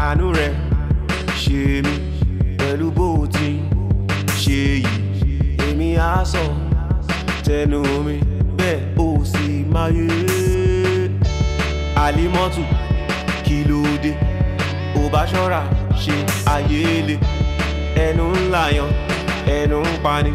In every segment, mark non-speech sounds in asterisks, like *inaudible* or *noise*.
àánú rẹ̀ ṣe mí pẹ̀lú bó ti ṣe yìí èmi á sọ tẹnu mi bẹ́ẹ̀ ó sì máa yé àlímọ́tù kí ló dé ò bá ṣọ́ra ṣe ayé le ẹnu ńlá yan ẹnu ń pani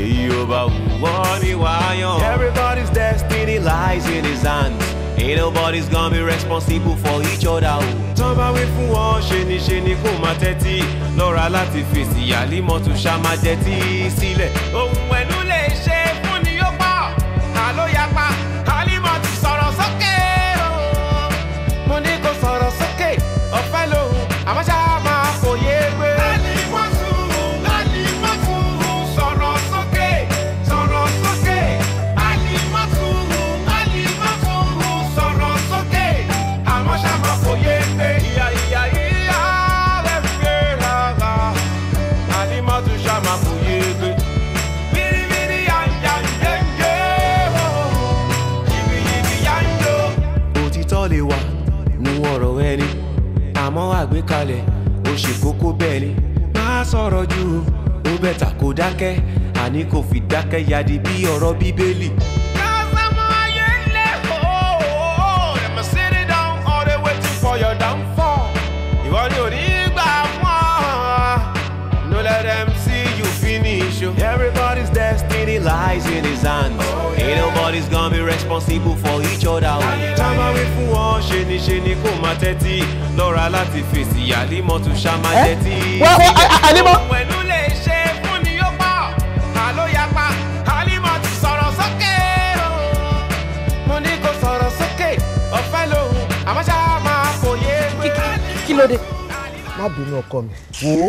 èyí ò bá wù wọ́n ní wàá Everybody's destiny lies in his hands. Ain't nobody's gonna be responsible for each other o. tán bá wí fún wọn ṣe ni ṣe ni kò máa tẹ́tí lọ́ra láti fèsì àlímọ̀tò ṣá máa tẹ́tí sílẹ̀. ohun ẹnu lè ṣe fún ni yóò pọ̀ ta ló yapa àlímọ̀tò sọ̀rọ̀ sókè. mo ní kó sọ̀rọ̀ sókè ọ̀fẹ́ lòun àmọ́ ṣá. kalẹ̀ ó ṣe kókó bẹ́ẹ̀ ni má sọ̀rọ̀ jù ó bẹ̀tà kó dákẹ́ àní kò fi dákẹ́ yadi bí ọ̀rọ̀ bíbélì. your let them see you finish. Everybody's destiny lies in his hands. Everybody's gonna be responsible for each other. Oh. Tábà wí fún wọn ṣe ni ṣe ni kò máa tẹ́tí. Lọ́ra láti fèsì àlímọ̀ tún ṣá máa tẹ́tí. Wọ́n àlímọ̀. Pẹ̀lú lè ṣe fún ni yóò pọ̀, àló yapa, àlímọ̀ ti sọ̀rọ̀ sókè. Mo ní kó sọ̀rọ̀ sókè, ọ̀fẹ́ lòun, àmọ́ ṣá máa kò yé Kí ló dé? Má bínú ọkọ mi. Wo.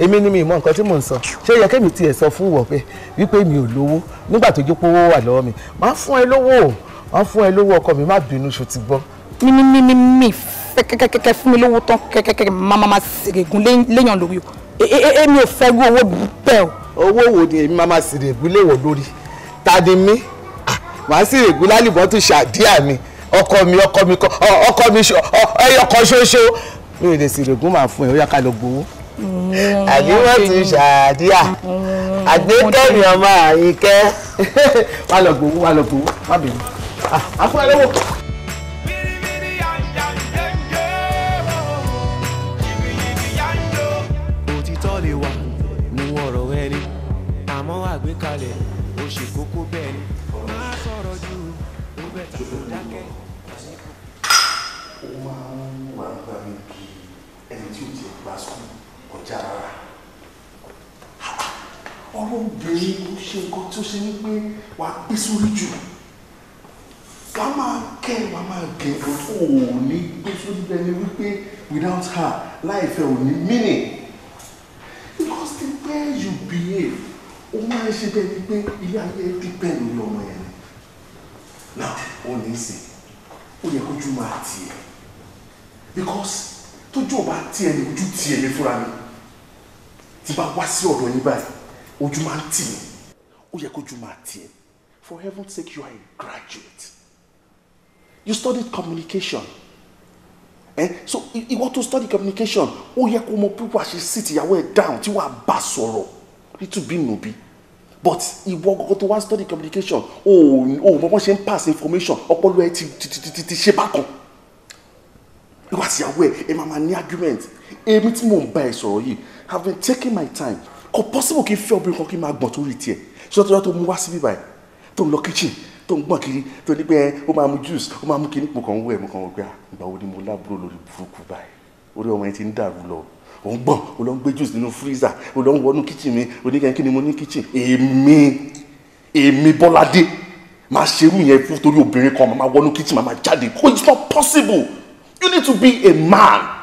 èmi ni mi mọ nǹkan tí mò ń sọ ṣé yẹ kémi tiẹ̀ sọ fún wọ pé wípé mi ò lówó nígbà tó jí pówó wà lọ́wọ́ mi máa fún ẹ lówó máa fún ẹ lówó ọkọ mi má bínú ṣo ti kẹkẹkẹkẹ fún mi lówó tán kẹkẹkẹ máa máa ṣègùn léèyàn lórí o èmi e, e, e, ò fẹ́ gbé owó bẹ́ẹ̀ o. owó wo ni èmi máa máa ṣèrègùn léèwọ̀ lórí ta ni mí màá ṣèrègùn lálùbọ́ tó ṣàdíà mi ọkọ mi ọkọ mi ọkọ mi ẹyọkọ ṣoṣo mi ò lè ṣèrègùn máa fún ẹ ó yá ká lọ gbowó. Mm. àbí wọ́n ti mm. ṣàdíà mm. àgbékẹ́mi ọmọ àyíkẹ́ *laughs* wà lọ gbowó wà lọ gbowó má bẹ̀rù àfúnalówó. òtítọ́ lè wà nínú ọ̀rọ̀ ẹni àmọ́ àgbékalẹ̀ ó ṣe kókó bẹ́ẹ̀ ni má sọ̀rọ̀ jù ó bẹ̀ tà dákẹ́. ó máa ń wà gbàgbé ẹni tí ò ti gbà sọ́nù kọjá rárá ọ̀rọ̀ obìnrin kò ṣe nǹkan tó ṣe wípé wàá pín sórí jù ká máa kẹ́ wàá máa gẹ̀ ọ́ ò ní pín sórí bẹ́ẹ̀ ni wípé without her life ò ní meaning because the way you behave ó máa ń ṣe bẹ́ẹ̀ ni pé ilé ayé pípẹ́ lórí ọmọ yẹn ni now ó ní í sìn ó yẹ kójú máa tiẹ̀ because tójú ò bá tiẹ̀ ní ojú tiẹ̀ ní fúra mi tí bá wá sí ọ̀dọ̀ yín báyìí ojú máa ń tì mí ó yẹ kójú máa tì ẹ́ for heaven's sake you are a graduate you studied communication eh? so ìwọ tó study communication ó yẹ kó mọ pípọ̀ àṣẹ sí tìyàwó ẹ̀ down tí wàá bá sọ̀rọ̀ nítubí nùbí but ìwọ gbogbo tó wá study communication o ò mọ bọ́n ṣe ń pass information ọpọlọ ẹ ti ti ti ti ṣe bákan ìwà tìyàwó ẹ ẹ máa ma ní argument èmi tí mò ń bá ẹ sọ̀rọ̀ yìí have been taking my time kò possible kí n fẹ́ obìnrin kan kí n máa gbọ̀n torí tiẹ̀ ṣọ́tọ́jọ́ tó mú wá síbí báyìí tó ń lọ kitchen tó ń gbọ̀n kiri tó ní pé ó máa mu juice ó máa mu kiri mo kàn ń wọ ẹ̀ mo kàn ń wọ pé ìgbà wo ni mo lábúrò lórí burúkú báyìí orí ọmọ yẹn ti ń dàrú lọ òun gbọ̀n ó lọ ń gbé juice nínú freezer ó lọ ń wọnú kitchen mi oníkẹ́kẹ́ ni mo ní kitchen èmi èmi bọ́ládé máa ṣerú yẹn fún torí obìnrin kan máa wọnú kitchen máa jáde it's not possible you need to be a man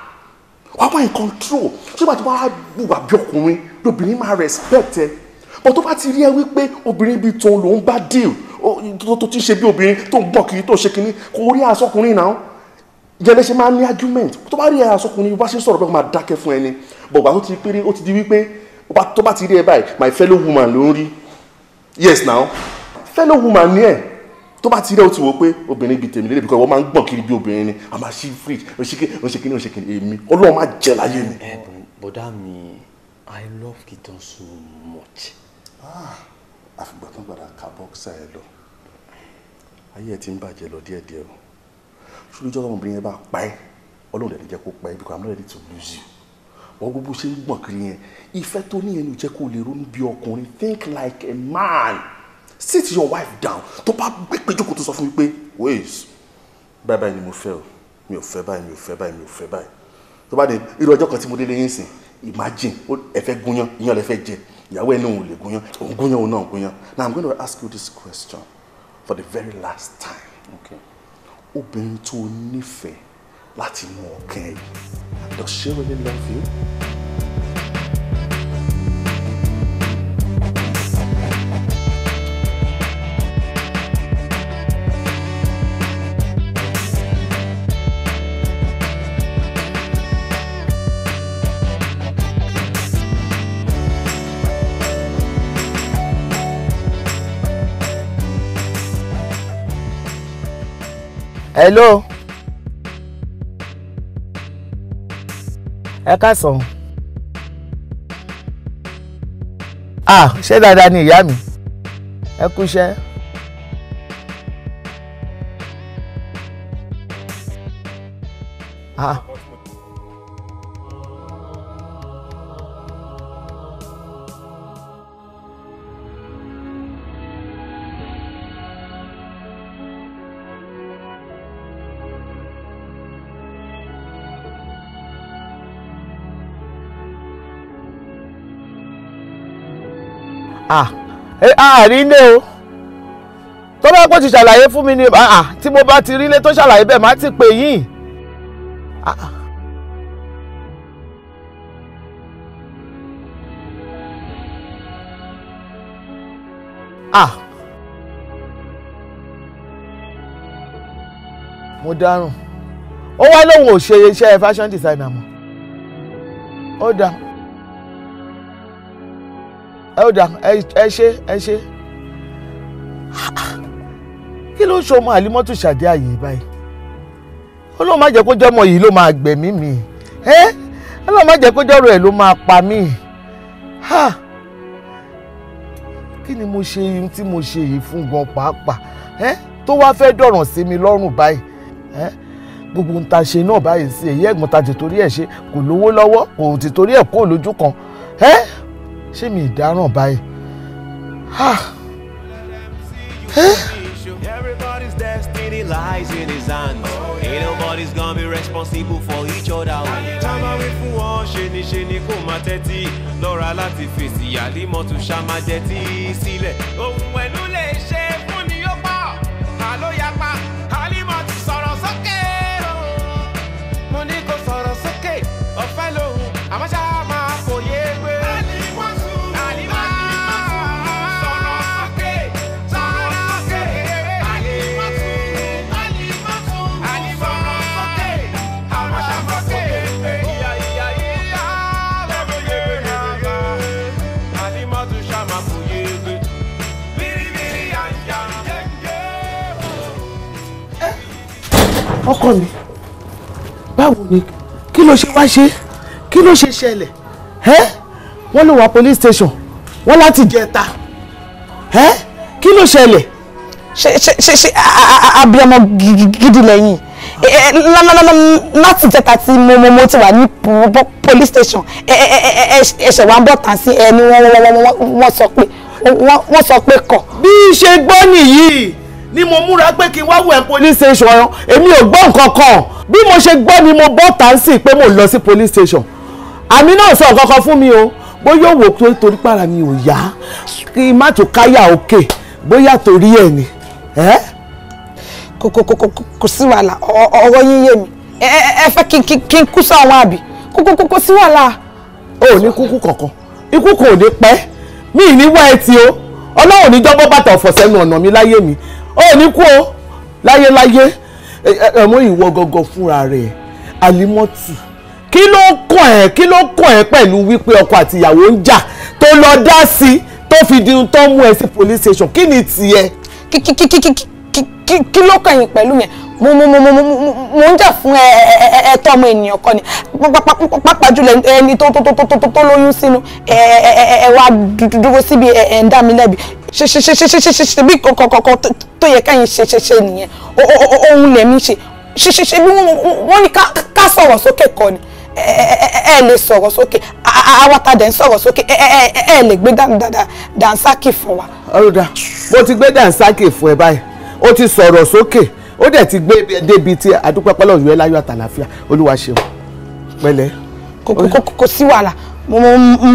wàá wà in control ṣé bàtí wàá wùwà bí ọkùnrin lóbìnrin máa respect ẹ but tó bá ti rí ẹ wípé obìnrin bíi tòun lòún bá deal tó ti ṣe bí obìnrin tó ń gbọ̀n kiri tó ṣe kiri kò rí asọkùnrin náà jẹ́lẹ́ ṣe máa ní argument tó bá rí ẹ asọkùnrin bá ṣe sọ̀rọ̀ bẹ́ẹ̀ máa dákẹ́ fún ẹni bọ̀gbà tó ti péré ó ti di wípé tó bá ti rí ẹ báyìí my fellow woman ló ń rí yes now fellow woman ni ẹ tó bá ti rẹ́ o ti wò pé obìnrin bíi tèmi lélẹ̀ bí kò wọ́n máa ń gbọ̀n kiri bí obìnrin ni a máa fridge o ṣe kiri o èmi ọlọ́run máa jẹ láyé mi. ẹ eh, bọ̀dá mi i love kitan so much. Ah, àfìgbà tó ń gbàdá ka bọ́ksà ẹ lọ ayé ẹ ti ń bàjẹ́ lọ díẹ̀díẹ̀ o ṣùgbọ́n ìjọba ọmọbìnrin yẹn bá pa ẹ́ ọlọ́run lẹ́ni jẹ́ kó pa ẹ́ because i'm not ready to lose you wọ́n gbogbo ṣe ń gbọ̀n kiri yẹn ìfẹ́ tó ní ẹnu jẹ́ kó lè ronú bí ọkùnrin think like a man sit your wife down tó bá gbé péjókòó tó sọ fún mi pé ways Bye bye, ni mo fẹ́ o mi ò fẹ́ báyìí mi ò fẹ́ báyìí mi ò fẹ́ báyìí tó bá dé irú ọjọ́ kan tí mo délé yín sìn imagine ẹ fẹ́ gúnyán iyán lẹ fẹ́ jẹ ìyàwó ẹ ní òun lè gúnyán òun gúnyán òun náà gúnyán now i'm going to ask you this question for the very last time okay. obìnrin tó nífẹ̀ẹ́ láti mú ọkàn ẹ̀ yìí does she really love you? hello ẹ káàsán ah ṣé dáadáa ni ìyá mi ẹ kú iṣẹ́. ah àárín ah, eh, ah, ilé o tó bá kó ti ṣàlàyé fún mi ni ah, tí mo bá ti rí ilé tó ṣàlàyé bẹ́ẹ̀ má ti pè yín. ah mo dárùn ó wá lóun ò ṣe iṣẹ́ fashion designer mọ́ ó dáa ẹ ó dà ẹ ṣe ẹ ṣe kí ló ń ṣe ọmọ àlímọ́tò ṣàdé àyè báyìí ó lóun má jẹ́ kó jọ́mọ yìí ló máa gbẹ̀mí mi ẹ́ ó lóun má jẹ́ kó jọ́rọ̀ ẹ̀ ló máa pa mí kí ni mo ṣe ohun tí mo ṣe yìí fún gan pàápàá ẹ́ tó wáá fẹ́ dọ̀ràn sí mi lọ́rùn báyìí ẹ́ gbogbo ń ta ṣe náà báyìí sí èyí ẹ̀gbọ́n ta ti torí ẹ̀ ṣe kò lówó lọ́wọ́ kò ti torí ẹ̀ kó lójú kan ẹ́. Eh? ṣé mi ìdáràn báyìí ha ẹ. Everybody's destiny lies in his hands. Ain't nobody's gonna be responsible for each other. Tábà wí fún wọn ṣe ni ṣe ni kò máa tẹ́tí. Lọ́ra láti fèsì àlímọ̀ tún ṣá máa jẹ́tí sílẹ̀. Ohun ẹ̀lú lè ṣe fún yapa, àlímọ̀ tún sọ̀rọ̀ sókè. Mo ní kó sọ̀rọ̀ sókè, ọkọ mi báwo ni kí ló ṣe wá ṣe kí ló ṣe ṣẹlẹ̀ ẹ́ wọ́n ló wà police station wọ́n láti jẹta ẹ́ kí ló ṣẹlẹ̀. ṣe ṣe ṣe ṣe abiyamọ gidi lẹ́yìn láti jẹta tí mo mo mo ti wà ní police station ẹsẹ̀ wa ń bọ̀ tán sí ẹni wọ́n sọ pé kọ̀. bí ṣe gbọ́ nìyí ni mo múra pé kí n wá wẹ̀ police station ọ̀yàn èmi ò gbọ́ nǹkan kan bí mo ṣe gbọ́ ni mo bọ́ tàǹsì pé mo lọ sí police station àmì náà sọ nǹkan kan fún mi o bóyá òwò tó torí para mi ò yá kí n má tó káyà òkè bóyá torí ẹ̀ ni. kò kò kò kò sí wàhálà ọwọ́ yín mi ẹ fẹ́ kí n kú sọ àwọn àbí kò kò kò sí wàhálà. o ò ní kúkú kankan ikú kò ní pẹ́ mi ì ní wá ẹ ti o ọlọ́run ní jọ́gbọ́n bàtà ọ̀fọ̀ sẹ́nu ọ̀nà mi láyé mi ó ní kú o láyéláyé ẹmọ ìwọ gangan fúnra rẹ alimọtù kí ló kàn ẹ́ kí ló kàn ẹ́ pẹ̀lú wípé ọkọ àti ìyàwó ń jà tó lọ dá sí tó fi di ohun tó mú ẹ sí police station kí ni tiẹ̀. kí kí kí kí ló kàn yín pẹ̀lú yẹn mo mo mo mo mo mo ń jà fún ẹ̀tọ́ ọmọ ènìyàn kan ni pàápàá jùlọ ẹni tó tó tó tó tó lóyún sínú ẹ ẹ ẹ wá dúró síbi ẹ ẹ ń dá mi lẹ́bi ṣe ṣe ṣe ṣe ṣe ṣe ṣe ṣe bí kọ̀kọ̀kọ̀ tó yẹ káyìn ṣe ṣe ṣe nìyẹn ohun lẹ̀mí ṣe ṣe ṣe ṣe bí wọ́n ní ká sọ̀rọ̀ sókè kọ́ ni ẹ lè sọ̀rọ̀ sókè àwa ta dẹ̀ ń sọ̀rọ̀ sókè ẹ lè gbé dànsákì fún wa. ọ̀rọ̀dà mo ti gbé dànsákì fún ẹ báyìí ó ti sọ̀rọ̀ sókè ó dẹ̀ ti gbé débi tí àdúpẹ́ pẹ́lú ọ̀yọ́ ẹ láyọ̀ àtàlàfíà olúwa ṣeun pẹ̀lẹ́. kò sí wàhálà mo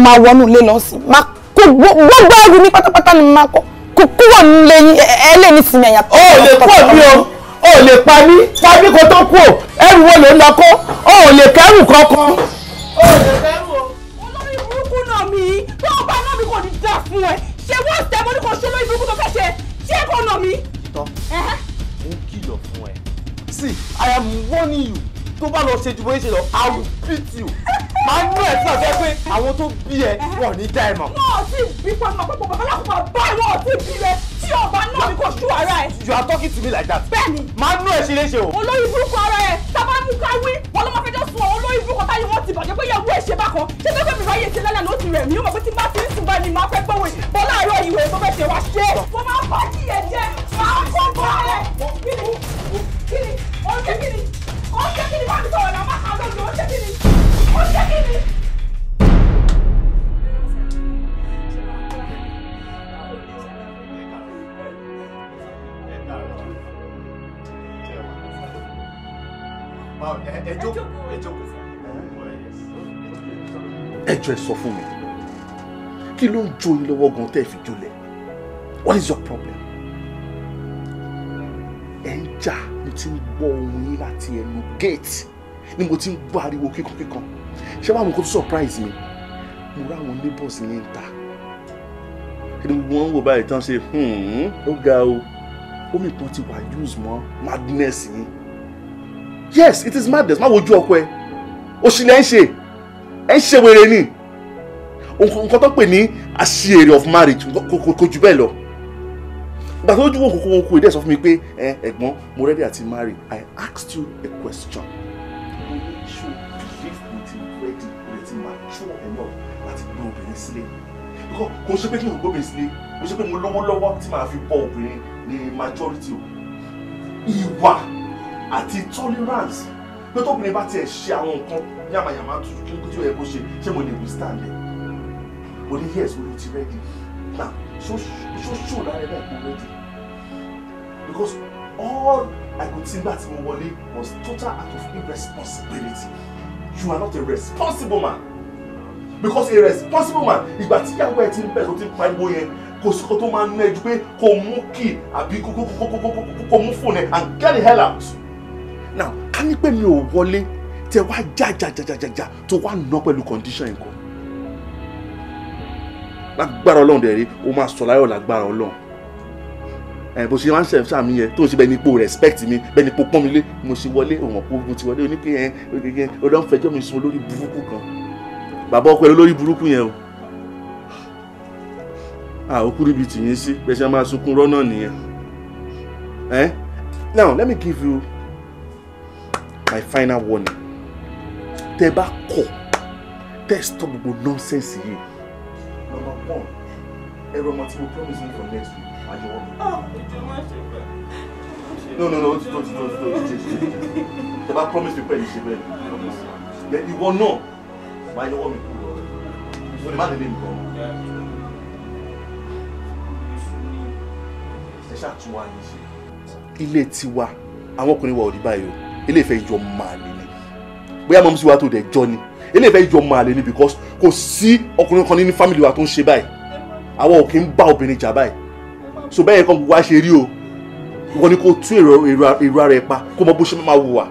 máa wọnú ilé lọ sí má kò gbogbo ẹrù mi pátápátá ni màá kó kò kúrò nílé ẹ lè ní sinmi ẹ̀yà. o ò lè pọ̀ bí o o ò lè pa mí pa mí kó tó kú o ẹrù wo ló ń lọ kó o lè kẹ́rù kankan. o lè kẹ́rù o. olórí burúkú náà mi tó bá náà mi kò ní dá fún ẹ ṣé wọ́n tẹ mo ní kò ṣe lórí burúkú tó fẹ́ ṣe ṣé kò nà mí. tọ́ mo kìlọ̀ fún ẹ see I am warning you tó bá lọ ṣe ju bóyá ṣe lọ i will beat you máa ń mú ẹ fún ọ̀sẹ̀ pé àwọn tó bí ẹ wọn ò ní dá ẹ mọ̀. wọn ò tí ì bí pọnmọ pọpọ bàbá làkùnmọ báyìí wọn ò tí ì bí rẹ tí ọba náà kò ṣú ara ẹ. you are talking to me like that. bẹ́ẹ̀ni máa ń mú ẹ ṣe léṣe o. olórí burúkú ara ẹ sábà mú káwí wọn ló máa fẹjọ́ sùn ọ olórí burúkú táyé wọn ti bàjẹ́ pé yẹ̀wò ẹ̀ ṣe bákan ṣé pé mi ráyè ṣe lálẹ́ ló ti rẹ̀ mí ó mọ̀ pé tí má ti ń sùn báyìí má fẹ́ gbọ́wé bọ́ láàárọ̀ ìwé tó fẹ́ ṣe wá ṣe. mo máa bá jíyẹ jẹ máa kó bọ́ ẹ kí ni kí ni orí kí ó ṣe kí ni bá mi sọ̀rọ̀ náà má kà lóde ó ṣe kí ni ó ṣe kí ni. ẹ jókòó ẹ jókòó ẹ jọ ẹ sọ fún mi kí ló ń jó yín lọ́wọ́ tẹ́ ẹ fi jólẹ̀ what is your problem ẹ̀ ń jà mo ti ń gbọ́ ohun yín láti ẹnu gate ni mo ti ń gbọ́ ariwo kíkankíkan ṣé wàá mú kó tó surprise mi mo ráwọn neighbors yẹn ń ta kí ni wọ́n ń wò báyìí tán ṣe hmm, ó ga o omi kan ti wà use mọ́ madness yìí yes it is madness má wojú ọkọ ẹ òṣìlẹ̀ ń ṣe ẹ ń ṣe wèrè ni nǹkan tó pè ní àṣìírè of marriage kò jù bẹ́ẹ̀ lọ But ojú wọn kúkú wọn kú ìdẹ́ sọ fún mi pé ẹ ẹ̀gbọ́n mo ready àti marry i asked you a question. ṣé believe mo ti ready mo ti mature enough láti gbé obìnrin sílé kò ṣe pé kí n gbóbìnrin sílé kò ṣe pé mo lówó lọ́wọ́ tí màá fi bọ́ obìnrin ní majority o ìwà àti tolerance pé tóbìnrin bá tiẹ̀ ṣe àwọn nǹkan yàmàyàmà tuntun kí tí ó yẹ kó ṣe ṣé mo lè withstand ẹ̀ mo ní yes mo ti ready now so, so lára ẹ̀ náà kó ready because all I could see that mo was total out of irresponsibility you are not a responsible man because a responsible man ìgbà tí ìyàwó ẹ wear ń bẹ̀ tó ti ń pariwo yẹn kò sí kó tó máa ń ná ẹjú pé kò mú kí àbí kò kò mú and get the hell out now can you pay ká ní Tell why ò wọlé tẹ wá jàjàjàjàjà tó to one noble condition Like barrel on there, rí o máa sọ láyọ̀ lágbára ọlọ́run ẹ eh, bó ṣe wá ń ṣe ṣàmì yẹn tó ṣe bẹ́ẹ̀ ni ipò respect mi bẹ́ẹ̀ ni ipò pọ́n mi lé mo ṣe wọlé òmò pò mo ti wọlé onípe eh, yẹn ogege olóńfẹjọ́ mi sun olórí burúkú kan bàbá ọkọ ẹ lórí burúkú yẹn o àókù ríbi tìyín sí bẹ́ẹ̀ ṣe máa sunkún rọ́nà nìyẹn ẹ eh, now let me give you my final warning tẹ bá kọ tẹ stop gbogbo nonsense yìí number one ẹrọ ọmọ tí mo promise you for next week wá yọwọ́ mi. ìjọ má no no no ó ti tó ti tó ti tó ti ṣe ṣe ṣe bá promise pé ìṣe bẹ́ẹ̀ yẹ ìwọ náà wá yọwọ́ mi kúrò o lè má lè lè nǹkan. ẹ ṣàtúwà yìí ṣe. ilé tiwa àwọn ọkùnrin wa ò rí báyìí o ilé ìfẹ́ ìjọ máa lè ní bóyá mọ̀mísí wa tó dẹ̀ jọ ni ilé ìfẹ́ ìjọ máa lè ní because kò sí ọkùnrin kan ní family wa tó ń ṣe báyìí àwọn ò kí ń bá obìnrin jà báyìí so bẹ́ẹ̀ kan gbogbo wa ṣe rí o wọ́n ní kó tún èrò ara ẹ̀ pa kó mọ bó ṣe máa wù wá.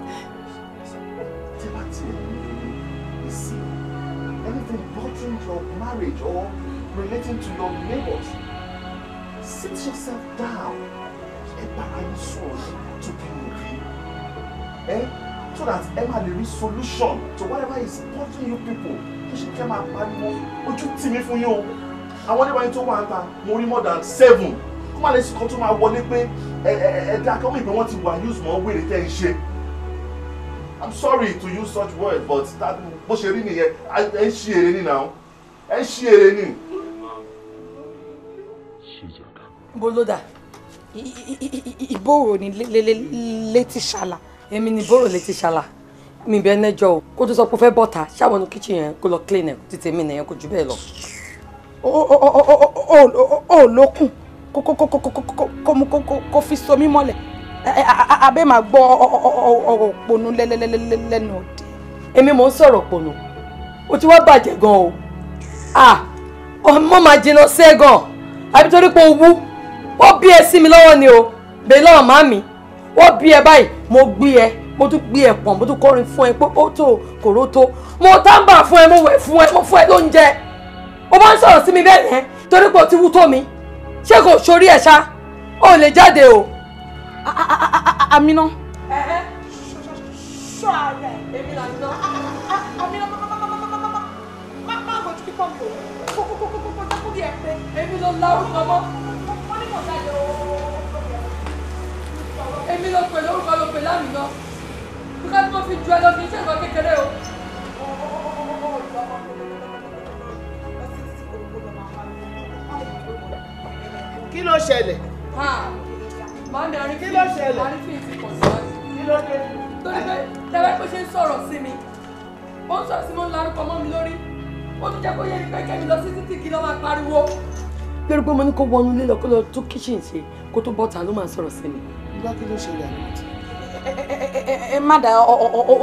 to your neighbors. Sit yourself down and balance source to So that Emma lè rí solution to whatever is bothering you people. Tó ṣe kẹ́ máa pariwo ojú tì mí fún yín o. Àwọn oníbàárà tó wà ń ta, mo rí more than seven kó má lè sí kan tó máa wọlé pé ẹ̀ẹ́dá kan mọ̀ pé wọ́n ti wà use mọ́ wèrè tẹ́ ń ṣe i'm sorry to use such words but that bó ṣe rí nìyẹn ẹ ń ṣí èrè ní now ẹ ń ṣí èrè ní. boloda ìbòrò ni létí ṣàlà èmi ni ìbòrò létí ṣàlà mi bẹ nẹjọ o kó tó sọ pé ó fẹ́ bọ́ta ṣàwọn ní kíchìn yẹn kó lọ clean ẹ títí èmi nìyẹn kó jù bẹ́ẹ̀ lọ. ó lókun kó kó kó kó kó kó mú kó kó fi so mí mọ́lẹ̀ abẹ́ máa gbọ́ ọ̀rọ̀ pònú lẹ́nu òde. èmi mò ń sọ̀rọ̀ pònú o ti wá bàjẹ́ gan o ọmọ máa jìnnà sẹ́gàn àbí torí pé o wú wọ́n bí ẹ sí mi lọ́wọ́ ni o bẹ́ẹ̀ lọ́wọ́ má mi wọ́n bí ẹ báyìí mo gbé ẹ mo tún gbé ẹ pọ̀n mo tún kọrin fún ẹ pé ó tó kòró tó mo tábà fún ẹ mo wẹ̀ fún ẹ mo fún ẹ lóúnjẹ o máa ń sọ̀rọ̀ sí mi bẹ́ẹ̀ yẹn torí pé o ti wú tó mi ṣé kò sórí ẹ̀ ṣá ò lè jáde o. Amina. sọ ààrẹ èmi là ń lọ. Amina ló pè lórúkọ ló pè lámì náà bí ká tí mo fi ju ẹ lọ kì í ṣe kékeré o. kí ló ṣẹlẹ̀. kí ló ṣẹlẹ̀. kí ló dé. torí pé tẹ́lẹ̀ pé ṣe ń sọ̀rọ̀ sí mi ó ń sọ̀rọ̀ sí mi ó ń larúkọ mọ́ mi lórí ó tún jẹ́ kó yẹ pé kẹ́mi lọ sí títì kí ló máa pariwo. lórí pé mo ní kó wọnú ilé lọ kó lọ tún kíchìn ṣe kó tó bọ́ta ló máa sọ̀rọ̀ sí mi. ìgbà kí ló ṣẹlẹ̀ àná ti ẹ má da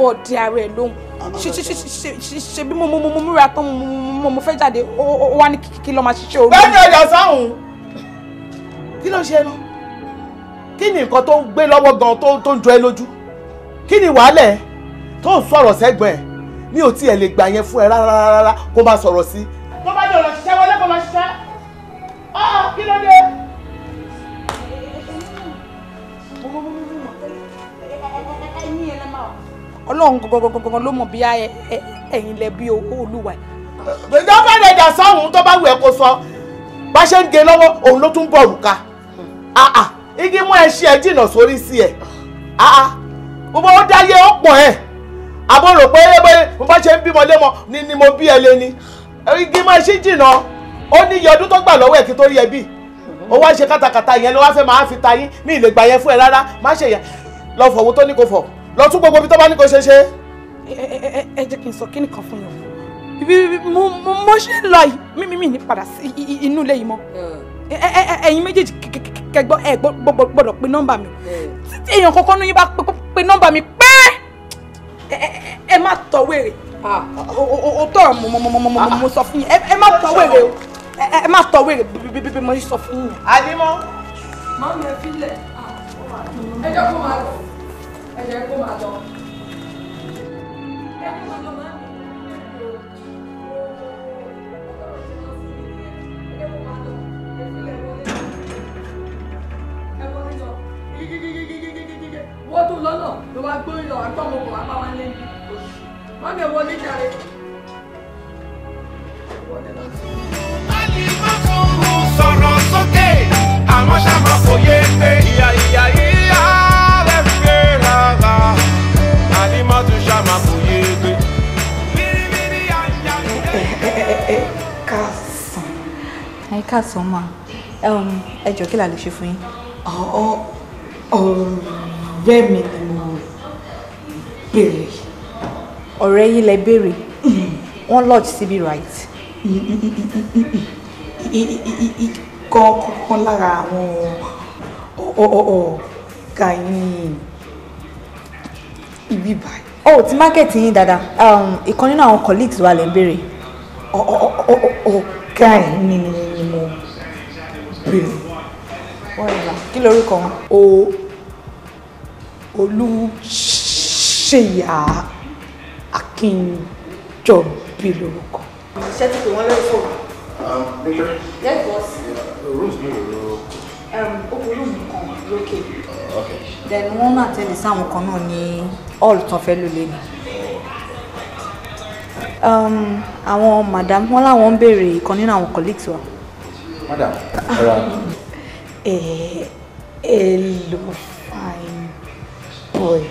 ọdẹ ara ẹ lóhùn ah, ṣe bí mo múra tán mo fẹ́ jáde ó wá ní kí lọ́ọ́ máa ṣiṣẹ́ orí. bẹ́ẹ̀ ni ọjà sáhùn kí ló ṣe ẹnu kí ni nǹkan tó ń gbé lọ́wọ́ gan tó ń jọ ẹ lójú kí ni wàhálẹ̀ ẹ tó ń sọ̀rọ̀ sẹ́gbọ̀n ẹ mi ò tiẹ̀ lè gbà yẹn fún ẹ rárá rárá kó máa sọ̀rọ̀ sí i. tó bá dọ̀rọ̀ ṣiṣẹ́ wọlé kó máa ṣiṣẹ́ ọ́ kí ló dé. ọlọ́run gọ́gọ́gọ́gọ́ ló mọ̀ bí ẹ̀yin lẹ bí olúwa ẹ̀. ìjọba lè dà sọ́hún tó bá wù ẹ́ kó sọ bá ṣe ń gé lọ́wọ́ òun ló tún bọ̀ òrùka. Ah, ah, igi mú ẹṣin ẹ jìnnà sórí sí ẹ gbogbo ah, ah. ó dáyé ó pọ̀ ẹ̀ àbọ̀ rò pé ẹ bó ṣe ń bímọ lémọ ni ni mo bí ẹ lé ni igi mú ẹṣin jìnnà ó ní iye ọdún tó gbà lọ́wọ́ ẹ̀ kí tó rí ẹ bí ó wá ṣe kátàkátà yẹn ló wá fẹ́ máa fi ta yín mi ì lè gbà yẹn fún ẹ rárá má ṣe yẹn lọ fọ̀wọ́ tó ní kò fọ̀ lọ tún gbogbo ibi tó bá ní kò ṣe ṣe. ẹ jẹ́ kí n sọ kíni kan fún yín mo mo ṣe ń lọ yìí mímí mi ní padà sí inú ilé yìí mọ́ hmm. ẹ̀yin méjèèjì kẹgbọ́ ẹ gbọ́dọ̀ pe nọ́mbà mi títí èèyàn kọ́kọ́ ní yín bá pe nọ́mbà mi pé ẹ má tọ́ wèrè o tọ́ mo sọ fún yín ẹ má tọ́ wèrè o ẹ má tọ́ wèrè bí mo sọ fún yín. àdìmọ́. máa ń lè filẹ̀ ẹ jẹ́ kó máa lọ ẹ jẹ́ kó máa lọ. ó tún lọ́nà ló wá gbórí lọ àgbọ̀mọ̀kọ̀ wá bá ní oṣù wọ́n kẹ́ wọ níjàre. sọ̀rọ̀ máa ẹ jọ kí la lè ṣe fún yín ọ̀rẹ́ mi ni mo béèrè. ọ̀rẹ́ yín lẹ béèrè wọ́n lodge síbi right. kọ̀ọ̀kan lára àwọn ọ̀gá yín ibi báyìí. o ti mákẹ́tì yín dáadáa um, ìkan nínú àwọn colleagues wa lè ń béèrè. ọ̀gá yín ni mo béèrè. kí lorúkọ wọn. o olùṣèyà akínjọbí lorúkọ. ṣé ti pè wọ́n lórí fóònù. Um, obìnrin uh, um, mi kan lókè uh, then wọ́n máa tẹ̀lé sáwọn kan náà ní All tán fẹ́ ló lé ní. Um, àwọn madam wọn làwọn ń béèrè ìkan nínú àwọn colleagues wa. madam ẹ ẹ lò *laughs* eh, boy.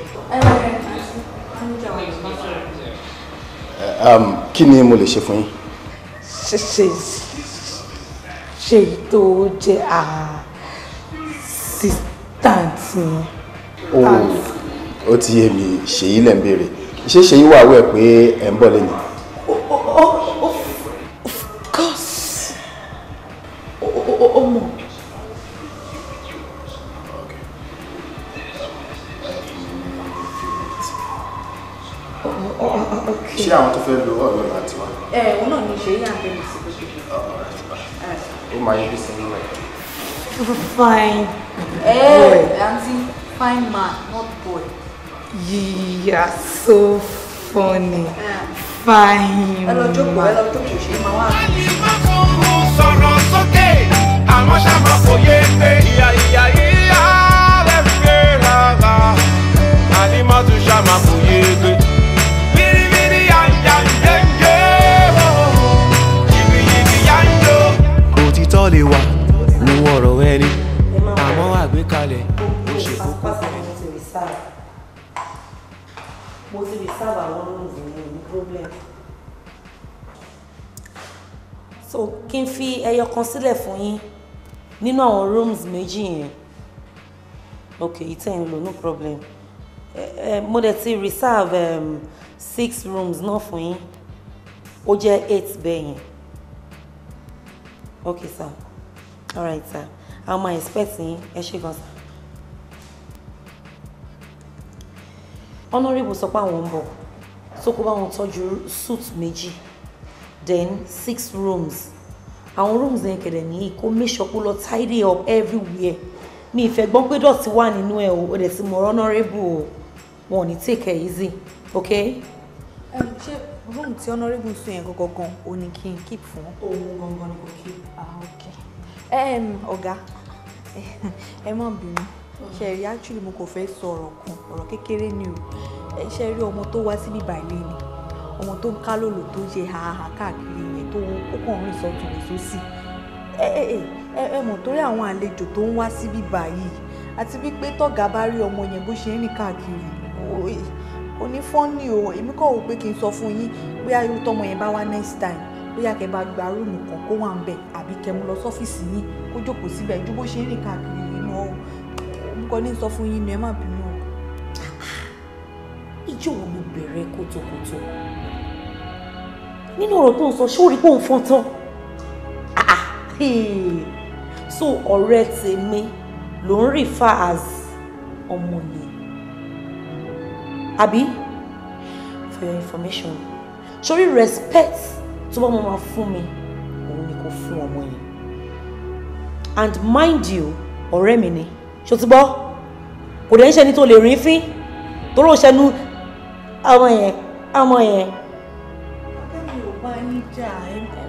Uh, um, kí ni mo lè ṣe fún yín. ṣe ṣe tó jẹ́ assistant yẹn. Oh, ó ti yé mi ṣèyí lẹ́ ń béèrè ṣé ṣèyí wà wẹ̀ pé ẹ̀ ń bọ̀ lẹ́yìn. fine hey, boy. auntie, fine man, not boy. You are so funny. Yeah. Fine I Ẹ lọ jókòó, ẹ lọ jókòó, ṣe máa balẹ̀ ó ṣe kókó fún ẹ. mo ti rí sáàbà àwọn rooms mi ní problem. so kí n fi ẹyọ kan sílẹ̀ fún yín rooms méjì yẹn ok ìtẹ̀ ń lò no problem mo dẹ̀ ti reserve um, six rooms náà fún yín ó jẹ́ eight bẹ́ẹ̀ yẹn ok sir all right sir. I'm expecting ẹ ṣe gan Honorable, sọ pé àwọn ń bọ̀ so kó bá wọn tọ́jú suit méjì then six rooms àwọn rooms yẹn kẹ̀dẹ̀ ní kó make sure kó lọ tidy up everywhere mi ìfẹ́ gbọ́n pé dọ̀tí wà nínú ẹ̀ o ò dẹ̀ ti mọ̀ honourable o wọn ò ní take it easy ok. ṣé room tí honourable sùn yẹn gangan gan o ní kí n keep fún. òun gangan ni kò keep. ah ok ọ̀gá *laughs* ẹ má ṣe rí actually mo kò fẹ́ sọ ọ̀rọ̀ kan ọ̀rọ̀ kékeré ni o ṣe rí ọmọ tó wá síbi ìbàlẹ̀ ni ọmọ tó ń kálòlò tó ṣe haha káàkiri yẹn tó ó kàn rìn sọ́tún rẹ̀ sósì ẹ mọ̀ torí àwọn àlejò tó ń wá síbi báyìí àti wípé tọ́gà bá rí ọmọ yẹn bó ṣe ń rìn káàkiri onífọ́nì o èmi kọ́ wò pé kí n sọ fún yín bóyá irú tọmọ yẹn bá wá next time bóyá kẹ́ bá gba rúùmù kan kó wà ń bẹ̀ àbí kẹ́ mú lọ sọ́fíìsì yín kó jókòó síbẹ̀ ju bó ṣe ń rìn káàkiri èmi kọ́ ní sọ fún yín ni ẹ má bínú o. ìjọ wo ló bẹ̀rẹ̀ kótókótó nínú ọ̀rọ̀ tó ń sọ ṣóòrí pé òun fọ́n tán ah, ah, so ọ̀rẹ́ tèmi ló ń refer as ọmọ yẹn àbí for your information sórí respect tó bá mo máa fún mi òun ni kò fún ọmọ yẹn and mind you ọ̀rẹ́ mi ni ṣó ti gbọ́ kò dẹ̀ ń ṣẹni tó lè rìn fín torí ò ṣẹnu ọmọ yẹn ọmọ yẹn. ọ̀gá ò bá yín jà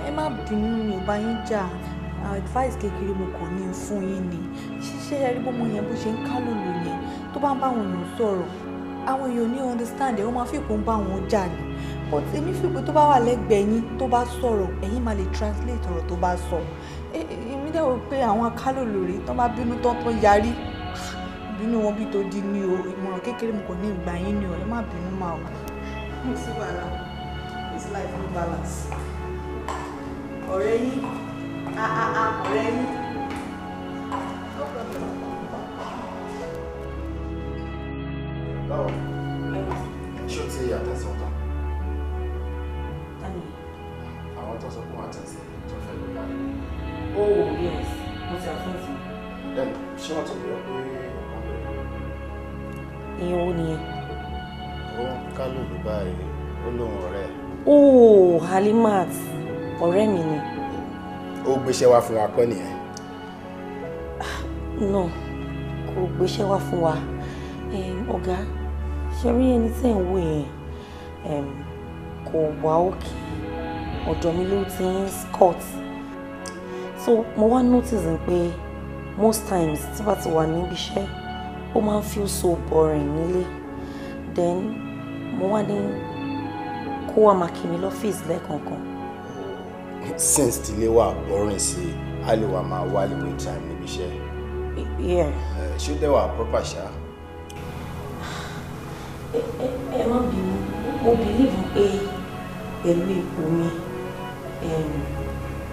ẹ má bínú ò bá yín jà advice kékeré mo kàn ní fún yín ni ṣíṣe ẹrí bọ́mọ yẹn bó ṣe ń kálò lò yẹn tó bá ń bá àwọn èèyàn sọ̀rọ̀ àwọn èèyàn ní understand ẹ̀ wọ́n máa fìpò bá wọn jà ni but èmi fìpò tó bá wà lẹ́gbẹ̀ẹ́ yín tó bá sọ̀rọ̀ ẹ̀yin máa lè translate ọ̀rọ̀ tó bá sọ dẹ̀ wò pé àwọn akálò lórí tó bá bínú tó tó yarí ìbínú wọn bí tó di ní o ìmọ̀ràn kékeré mi kò ní ìgbà yín ni o ẹ má bínú mà o. mo ti wà lá it's life no balance ọ̀rẹ́ yín ọ̀rẹ́ yín. báwo ṣé o ti àtẹ̀sán tán. àwọn tó sọ fún àtẹ̀sán tó fẹ́ ló parí oh yes mo ti fancy. Then, wọ́n ti rí ọ pé ìyẹn wo nìyẹn. ó ń kálùkù báyìí ó lóun ọ̀rẹ́ ẹ̀. ooo oh, Halimat ọ̀rẹ́ mi ni. ó gbéṣẹ́ wá no kò gbéṣẹ́ wá fún wa ọ̀gá ṣe rí ẹni tẹ́ ń wò yẹn kò wá òkè scott so mo wá notice pé most times tí bá ti wà níbi iṣẹ́ ó máa ń feel so boring nílé then mo wá ní kó wá máa kí mi lọ́fíìsì lẹ́ẹ̀kọ̀ọ̀kan. since tilé wa boring sí i a lè wà máa wá lè wait time níbi iṣẹ́. ṣé ó dẹ́wà proper ṣá. ẹ má bínú mo believe pé pẹ̀lú ipò mi. Um,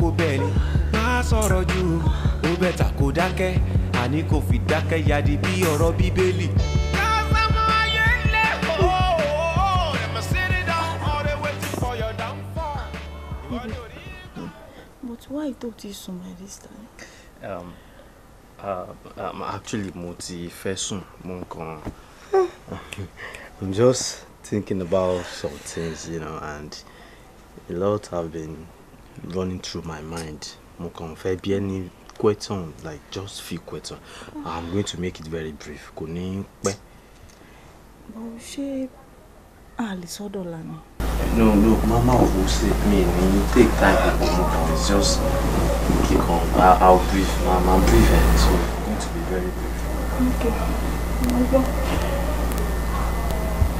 kó bẹ́ẹ̀ ni má sọ̀rọ̀ jù ó bẹ̀tà kó dákẹ́ àní kò fi dákẹ́ yadi bí ọ̀rọ̀ bíbélì. Oh, oh, oh, But why tó ti sùn by this time? Um, uh, um, actually mo ti fẹ́ *laughs* I'm just thinking about some things, you know, and a lot have been running through my mind mo kàn fẹ́ bí ẹni question like just few question i'm going to make it very brief kò ní pẹ́. bó ṣe a lè sọ́dọ̀ lánàá. no look mama of say me ni take time to go on it's just kikan i'll brief mama brief eh so i'm going to be very brief. okay mo gbọ́.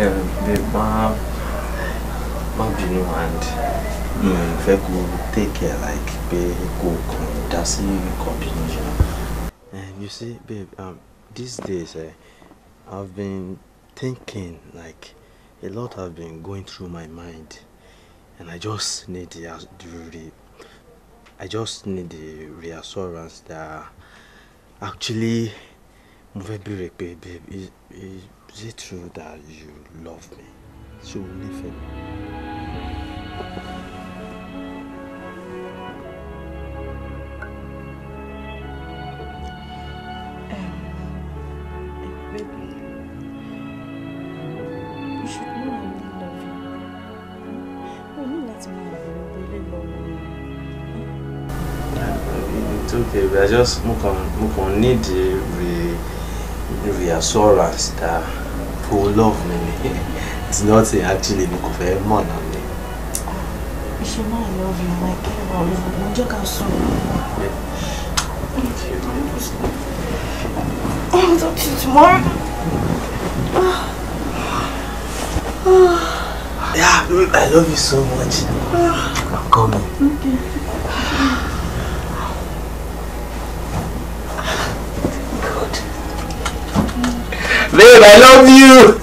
ẹ ẹ má má bínú and mi ò fẹ́ kó take care like pé kó kàn dá sí nǹkan bí mi ṣe. Eh, you see babe um, these days uh, I've been thinking like a lot have been going through my mind and I just need the, the I just need the reassurance that actually mo fẹ́ béèrè pé babe is, is, it true that you love me So o nífẹ̀ẹ́ mi. just mo kàn mo kàn need re reassurance that o oh, love me *laughs* it's not actually mi kò fẹ́ mọ̀ náà ni. ìṣe náà love you like ẹ wà lóko mo jẹ́ ká sọ. Oh, I'll talk to you tomorrow. yeah, I love you so much. I'm coming. Okay. Babe, I love you.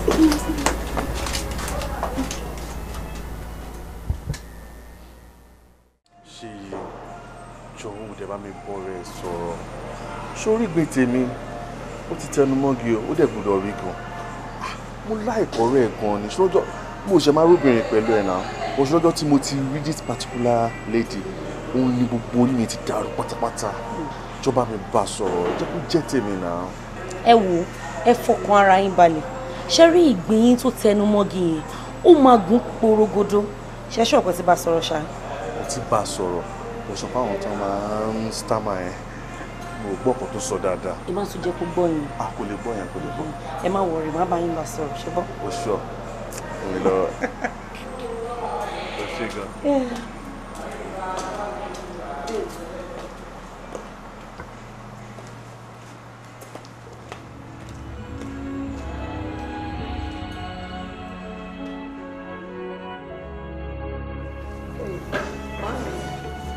Ṣé jọ̀wọ́ dẹ̀ bá mi bọ́ rẹ sọ̀rọ̀? Sórí gbé tèmi, ó ti tẹnu mọ́gi o, ó dẹ̀ gbọ́dọ̀ rí gan. Ah, mo láìkọ́ rẹ̀ gan ni, ṣọ́jọ́ mo ṣe máa rúbìnrin pẹ̀lú ẹ̀ náà. Oṣooṣọ́jọ́ tí mo ti rí this particular lady, òun ni gbogbo orí mi ti dàrú pátápátá. Jọba mi bá sọ̀rọ̀, jẹ́ kó jẹ́ tèmi náà. Ẹ wo ẹ fọkàn ara yín balẹ̀ ṣe rí ìgbín yín tó tẹnu mọ́gi yẹn ó máa gún porogodo ṣe ṣe ọ̀pẹ tí bá sọ̀rọ̀ ṣá. mo ti bá a sọ̀rọ̀ mo sọ fún àwọn tó máa ń stammer yẹn mo gbọ́ ọ̀kan tó sọ dáadáa. ẹ má tún jẹ́ kó gbọ́ yẹn. a kò lè gbọ́ yẹn kò lè gbọ́. Mm. ẹ má wọrí má bá yín bá sọ̀rọ̀ ṣe bọ́. o ṣọ òun lọ o *laughs* ṣe gan.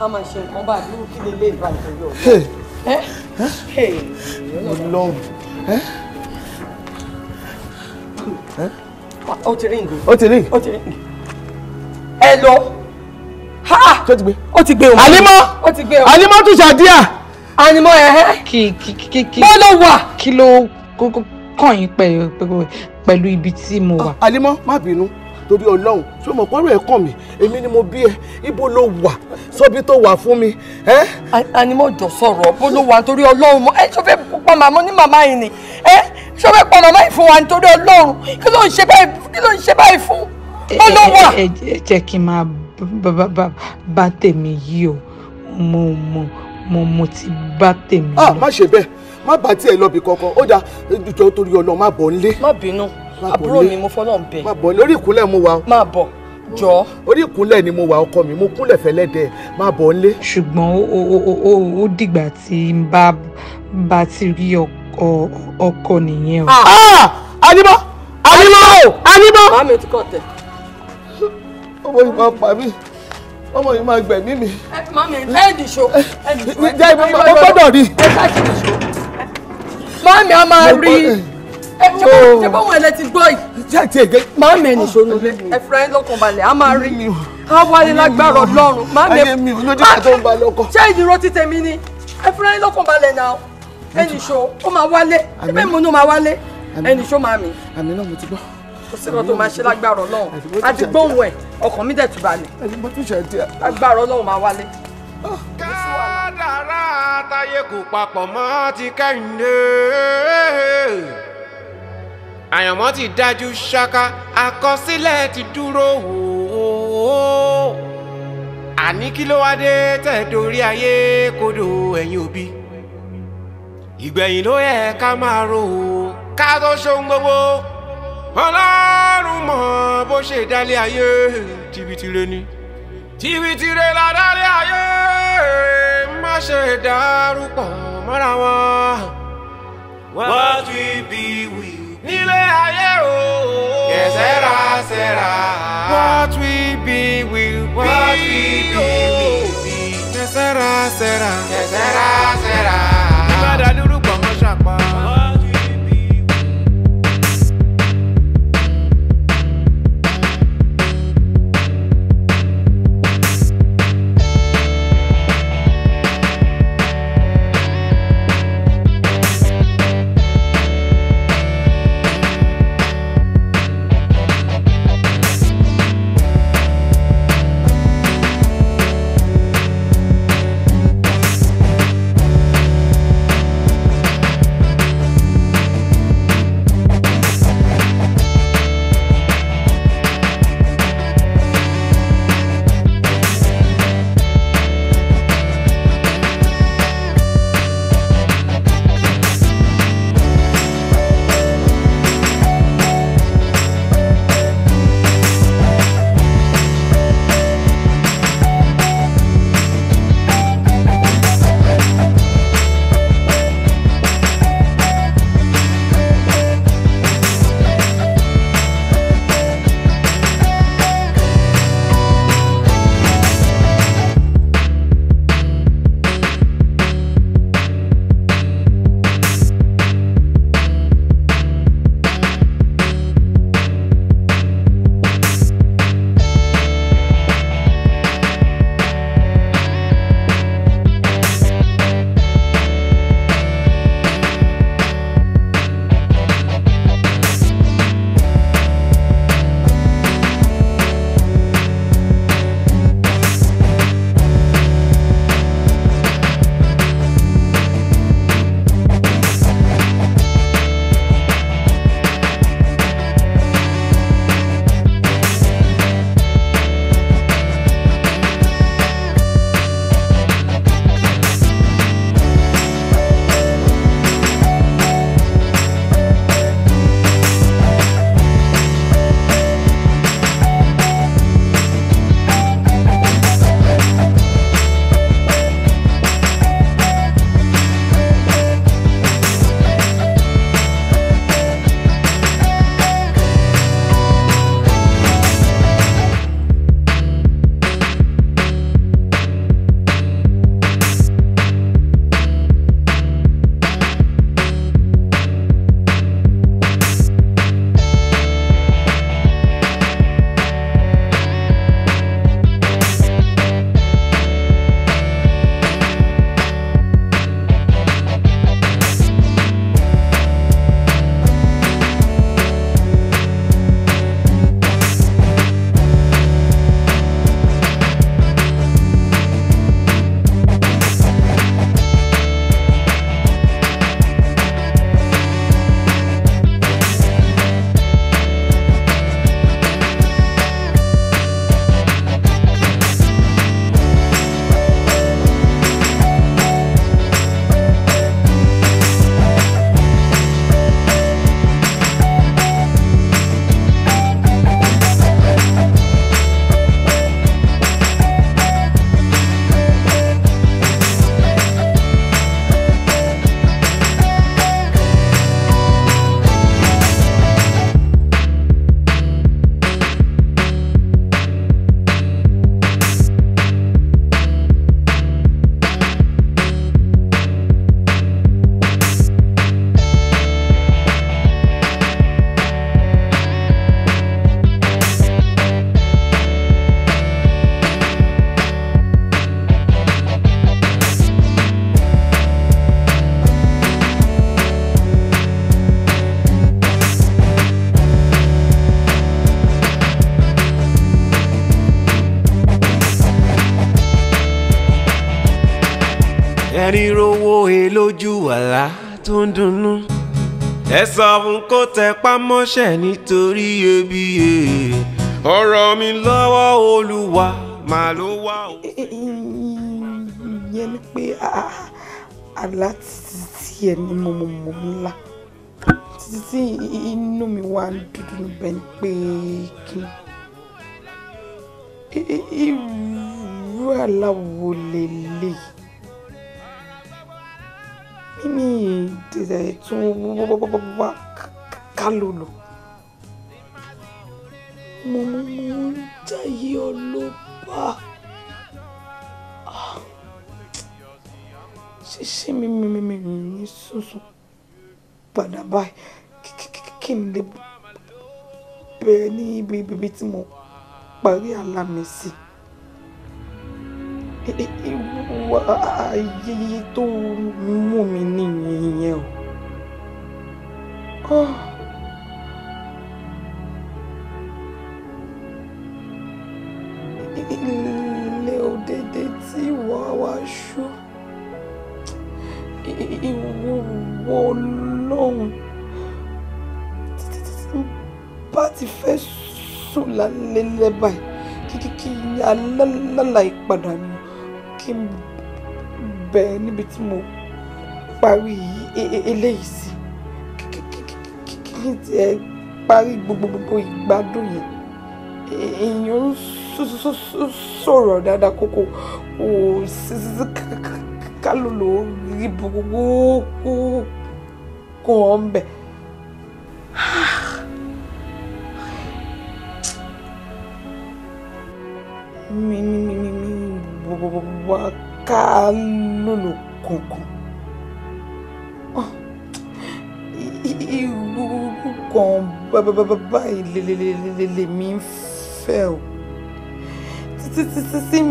a máa ṣe nǹkan bá àdúrú kí lè lé ìbàdàn yọ. Ọlọ́run. ó ti ríǹgì. ó ti ríǹgì. ó ti ríǹgì. ẹ lọ. tó ti gbé. ó ti gbé o. àlímọ́. ó ti gbé o. àlímọ́ tún ṣàdíà. àlímọ́ ẹ̀. kì kì kì kì. bó ló wà. kí ló kàn yín pẹ̀lú mo wà. àlímọ́ má bínú torí ọlọ́run ṣé mo pọ́nrọ́ ẹ̀ kàn mí èmi ni mo bí ẹ ibo ló wà sóbi tó wà fún mi. ànímọ̀ jọ sọ̀rọ̀ bó ló wà torí ọlọ́run mọ́ ẹ ṣọ́ fẹ́ pọ́n màmá ní màmá yìí ni ẹ ṣọ́ fẹ́ pọ́n màmá yìí fún wa nítorí ọlọ́run kí ló ń ṣe báyìí fún bó ló wà. ẹ jẹ́ kí n máa bá tèmi yìí o mo mo mo mo ti bá tèmi. Ah, má ṣe bẹ́ẹ̀ má bá tiẹ̀ lọ bì kankan ó dáa jọ torí ọlọ́run má bọ̀ ń má bínú àbúrò mi mo fọlọ́ ń bẹ̀. má bọ̀ lórí ìkúnlẹ̀ mo wà. má bọ̀ jọ. orí ìkúnlẹ̀ ni mo wà ọkọ mi mo kúnlẹ̀ fẹ́lẹ́dẹ̀ má bọ̀ ń lé. ṣùgbọ́n ó dìgbà tí n bá bá ti rí ọkọ nìyẹn o. àníbọ̀ àníbọ̀ o àníbọ̀. màmí ti kọ̀ tẹ̀. ọmọ yìí máa pa mí ọmọ yìí máa gbẹ̀mí mi. màmí ẹ nìṣó. jẹ́ ìbọn mo gbọ́dọ̀ rí. màmí a máa rí ṣe bó wọn ẹlẹ ti gbọ́ yìí. máa mẹ́ ní ṣonú ẹ fura ẹ lọ́kàn balẹ̀ a máa rí a wálé lágbára ọlọ́run máa mẹ́ ayé mi lójú kan tó ń ba lọ́kọ̀. ṣé ìdúró ti tèmi ni ẹ fura ẹ lọ́kàn balẹ̀ náà ẹnì ṣó ó máa wálé ẹgbẹ́ mi ló máa wálé ẹnì ṣó máa mi. àmì náà mo ti gbọ́. kò sí kan tó máa ṣe lágbára ọlọ́run àdìgbò òun ẹ̀ ọkàn mi dẹ̀ tù balẹ̀ kádàrá táyé kò papọ̀ mọ́ ti kẹ́hìndé àyànmọ́ ti dájú ṣáká àkọsílẹ̀ ti dúró wòó àní kí ló wá dé tẹ̀dórí ayé kodò ẹ̀yin òbí ìgbẹ̀yìn ló yẹ ká máa ro o ká tó ṣohun gbogbo ọlọ́run mọ̀ bó ṣe dálé ayé tibitire ni tibitire la dálé ayé má ṣe dàrú mọ́ra wọn. what will be we nílé ayé o. Yes, sera, What we be will be. What we be will oh. be. Yes, sera, sera. Yes, Ìbàdàn dúró. àníròwò èlójú àlá tó ń dunnú. ẹ sọ fún kó tẹpá mọ́ṣẹ́ nítorí ebi ọ̀rọ̀ mi lọ́wọ́ olúwa màá ló wà ó. ìyẹn ni pé àlá títí ẹ ní mo mọ̀ ńlá títí inú mi wá dúdú níbẹ̀ ni pé bẹ ní ibi tí mo parí àlá mi sí ìwà ayé tó mú mi nìyẹn o. Oh. ilé òdèdè tí wà wá ṣú ìwúwo lóhùn. lálẹ́ báyìí kí kí alálàlà ìpadà mi kí n bẹ̀ níbi tí mo parí eléyìí sí kí n tiẹ̀ parí gbogbogbò ìgbádùn yẹn èèyàn sọ̀rọ̀ dáadáa kókó kò sí kálù ló rí gbogbo kó hàn bẹ́ẹ̀. wá ká lòlò kankan ah, irú kan báyìí lèmi ń fẹ́ o títí tí ń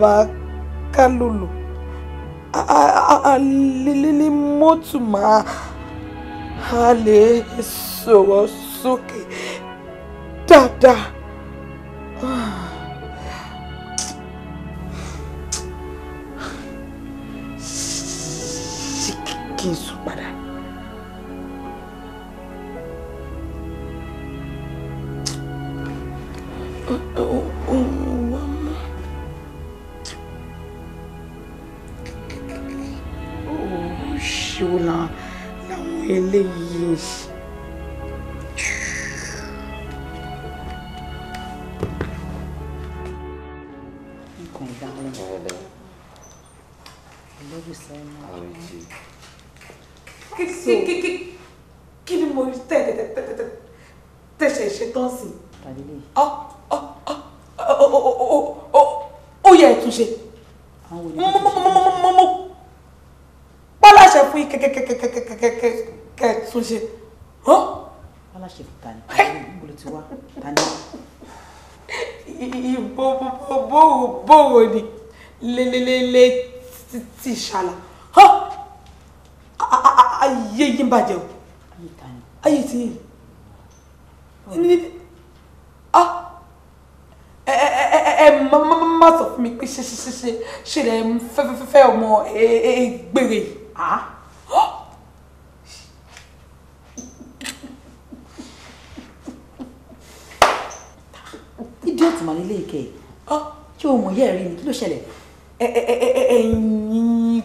bá ká lòlò alele mọ́tò máa a lè sọ̀rọ̀ sókè dáadáa. kí n sùn padà. ṣàlà ọ ayé yín bàjẹ́ o ayé tí yín ọ ẹ ẹ ẹ má sọ fún mi pé ṣe ṣe ṣe ṣe rẹ fẹ́fẹ́fẹ́ ọmọ gbèrè idiot mà nílé ìkẹyì tí o mọ̀ yẹ́ rí ni kí ló ṣẹlẹ̀ ẹ̀yìn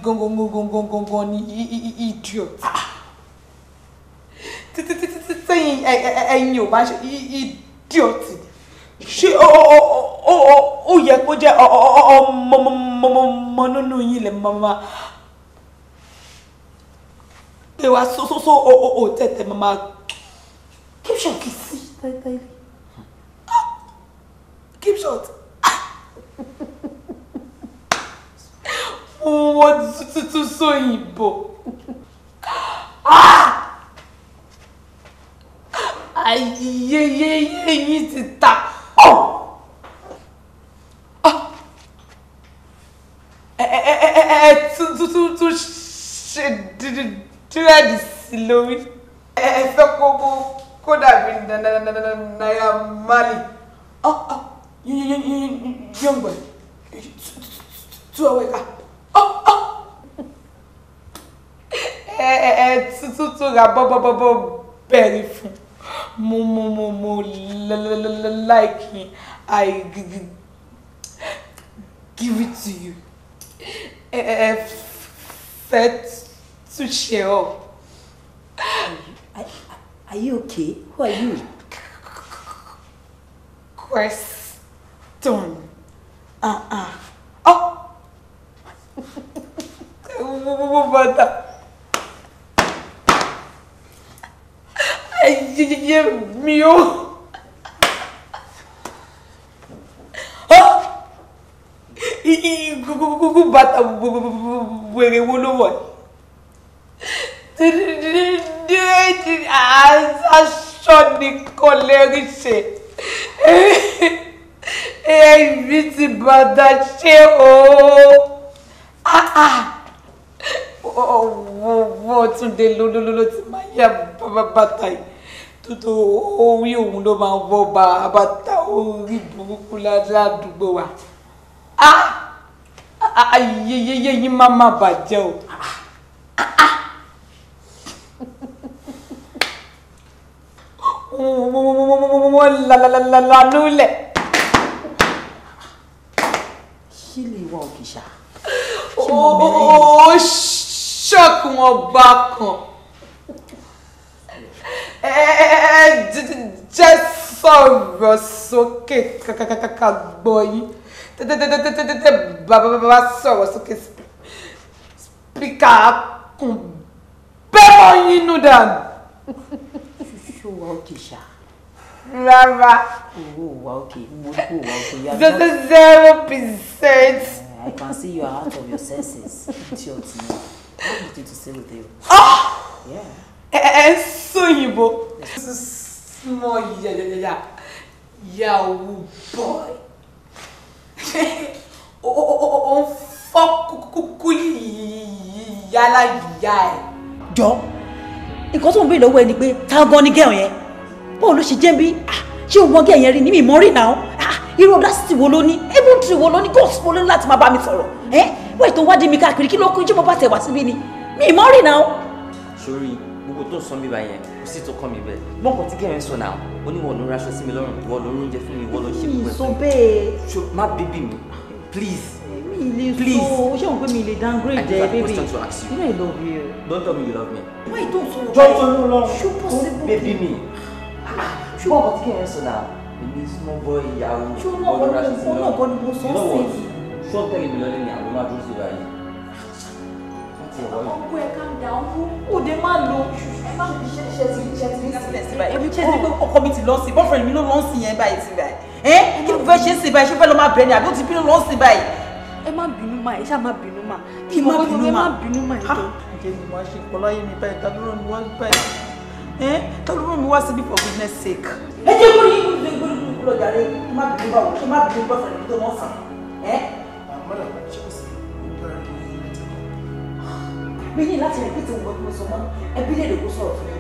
gangan ni idiot ah. sẹ́yìn ẹ̀yìn ò bá ṣe idiot oh oh oh oh oh oh nínú yín lè máa pé oh oh oh tẹ̀tẹ̀ máa keep short kìí sí keep short. owó tuntun sóyìnbó. ayẹyẹyẹ yín ti ta. ẹ tún tún ṣe dírẹ́dì sí lórí ẹ fẹ́ kó kó dàbí náírà málì yọ̀ǹgbọ̀n tú ọwọ́ ẹ̀ka ẹ ẹ tuntun tó ra bọ́bọ́bọ́bọ́ bẹ̀rẹ̀ fún mo mo mo mo like i give it to you ẹ ẹ fẹ́ tún ṣe ọ. Are you okay? Who are you? Question. Uh-uh de de de mi ó. gbogbo bàtà wèrè wo ló wọ̀ dírẹ́dì aṣọ nìkan lẹ́rìí ṣe ẹ̀ẹ́dì ti bàtà ṣé o. Ah, wo, wo, ọwọ́ túnde lólólóló ti máa ń yà bàtà yìí tótó orí òun ló máa ń wọ́ bá bàtà orí burúkú ládùúgbò wa ah! Ah! ayẹyẹyẹ yín má má bàjẹ́ o. la la la lule. lè wá òkìṣà. o, o, o choco obaco. É só que cacacacacaboi. Só que explicar com bebonino dan. Chuchu alquijá. Rara. Zero por cento. I can see you are out of your senses. What do you have nothing to say with you. Oh! Yeah. Ẹ ẹ sóyìnbó. This is small Yeah, Yahoo boy. *laughs* O n fọ́ kúkú yàrá yà ẹ̀. Jọ, nǹkan tó ń You lọ́wọ́ ẹ ni pé ta go ni gẹ̀ọ́ yẹn. Báwo ló ṣe jẹ́ bí? Ah, ṣé o mọ gẹ̀ọ́ yẹn rí Ah, irú ọdásítì wo ló ní ebúntì wo ló ní gọ́ọ̀sì wo ló ní láti máa bá mi sọ̀rọ̀ ẹ wẹ́ẹ̀ tó wádìí mi káàkiri kí ló kún jùmọ̀ bá tẹ̀ wá síbí ni mi ì mọ́ rìn náà. sori gbogbo tó sọ mi báyẹn kò sí tó kàn mí bẹ́ẹ̀ mọ́kàn tí kẹrin sọ náà ó ní wọn ló ń raṣọ sí mi lọ́rùn wọn ló ń oúnjẹ fún mi wọn ló ń ṣe pípẹ́ fún mi má bíbí mi please mi le so ṣé òun pé le downgrade ẹ I love you. don't tell me you love me. why you don so. jọ́jọ́ ló ṣé possible. baby me. Ah, ṣùgbọ́n ọtí kẹ́hìn this small boy ìyàwó bọ́ọ̀lù ra ṣe sí lọ́wọ́ you know what ṣó tẹ̀lé mi lọ́lẹ́ ni àwọn máa dúró sí ra yìí. ọkọ ẹ calm down òde máa lo ẹ má fi ṣe ṣe ti ṣe ti ní sílẹ̀ ebi ṣe ti pé ọkọ mi ti lọ sí boyfriend mi ló lọ sí yẹn báyìí sí báyìí ẹ kí ló fẹ́ ṣe sí báyìí ṣé fẹ́ lọ máa bẹ̀ ni àbí ó ti bí ló lọ ma ẹ ma kí ma ẹ ma ẹ tó. ǹjẹ́ mi wá mi báyìí ta ló rán mi Eh? Tell me, mi wá síbí for goodness sake. ẹ jẹ́ kó yín kúrò gbé gbé kúrò jàre kí má bìí bá wọ̀ kí má bìí bá fẹ̀rẹ̀ tó wọ́n sàn. Eh? mi ní láti rẹ̀ bí ti wọ́n gbé sọ mọ́ ẹbí lè lè kó sọ̀rọ̀ fún mi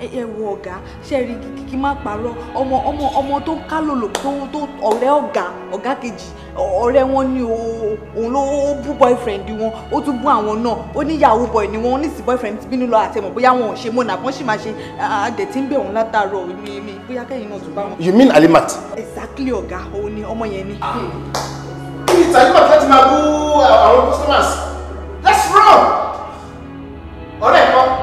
ẹ wo ọ̀gá ṣe rí kí má parọ́ ọmọ ọmọ ọmọ tó ń ká lòlò tó tó ọ̀rẹ́ ọ̀gá ọ̀gá kejì ọ̀rẹ́ wọn ni òun ló bú boyfriend wọn ó tún bú àwọn náà ó ní yahoo boy ni wọn ó ní sí boyfriend bínú lọ àtẹmọ̀ bóyá wọn ò ṣe mọ̀nà àbọ̀n sì máa ṣe àdẹ̀tí ń bẹ̀ wọ́n látàárọ̀ mi mi bóyá kẹ́yìn náà tún bá wọn. you mean alimat. exactly ọ̀gá òun ni ọmọ yẹn ni. Ah. kí ni talimat láti máa bú àwọn customers that's wrong ọ̀rẹ́ kan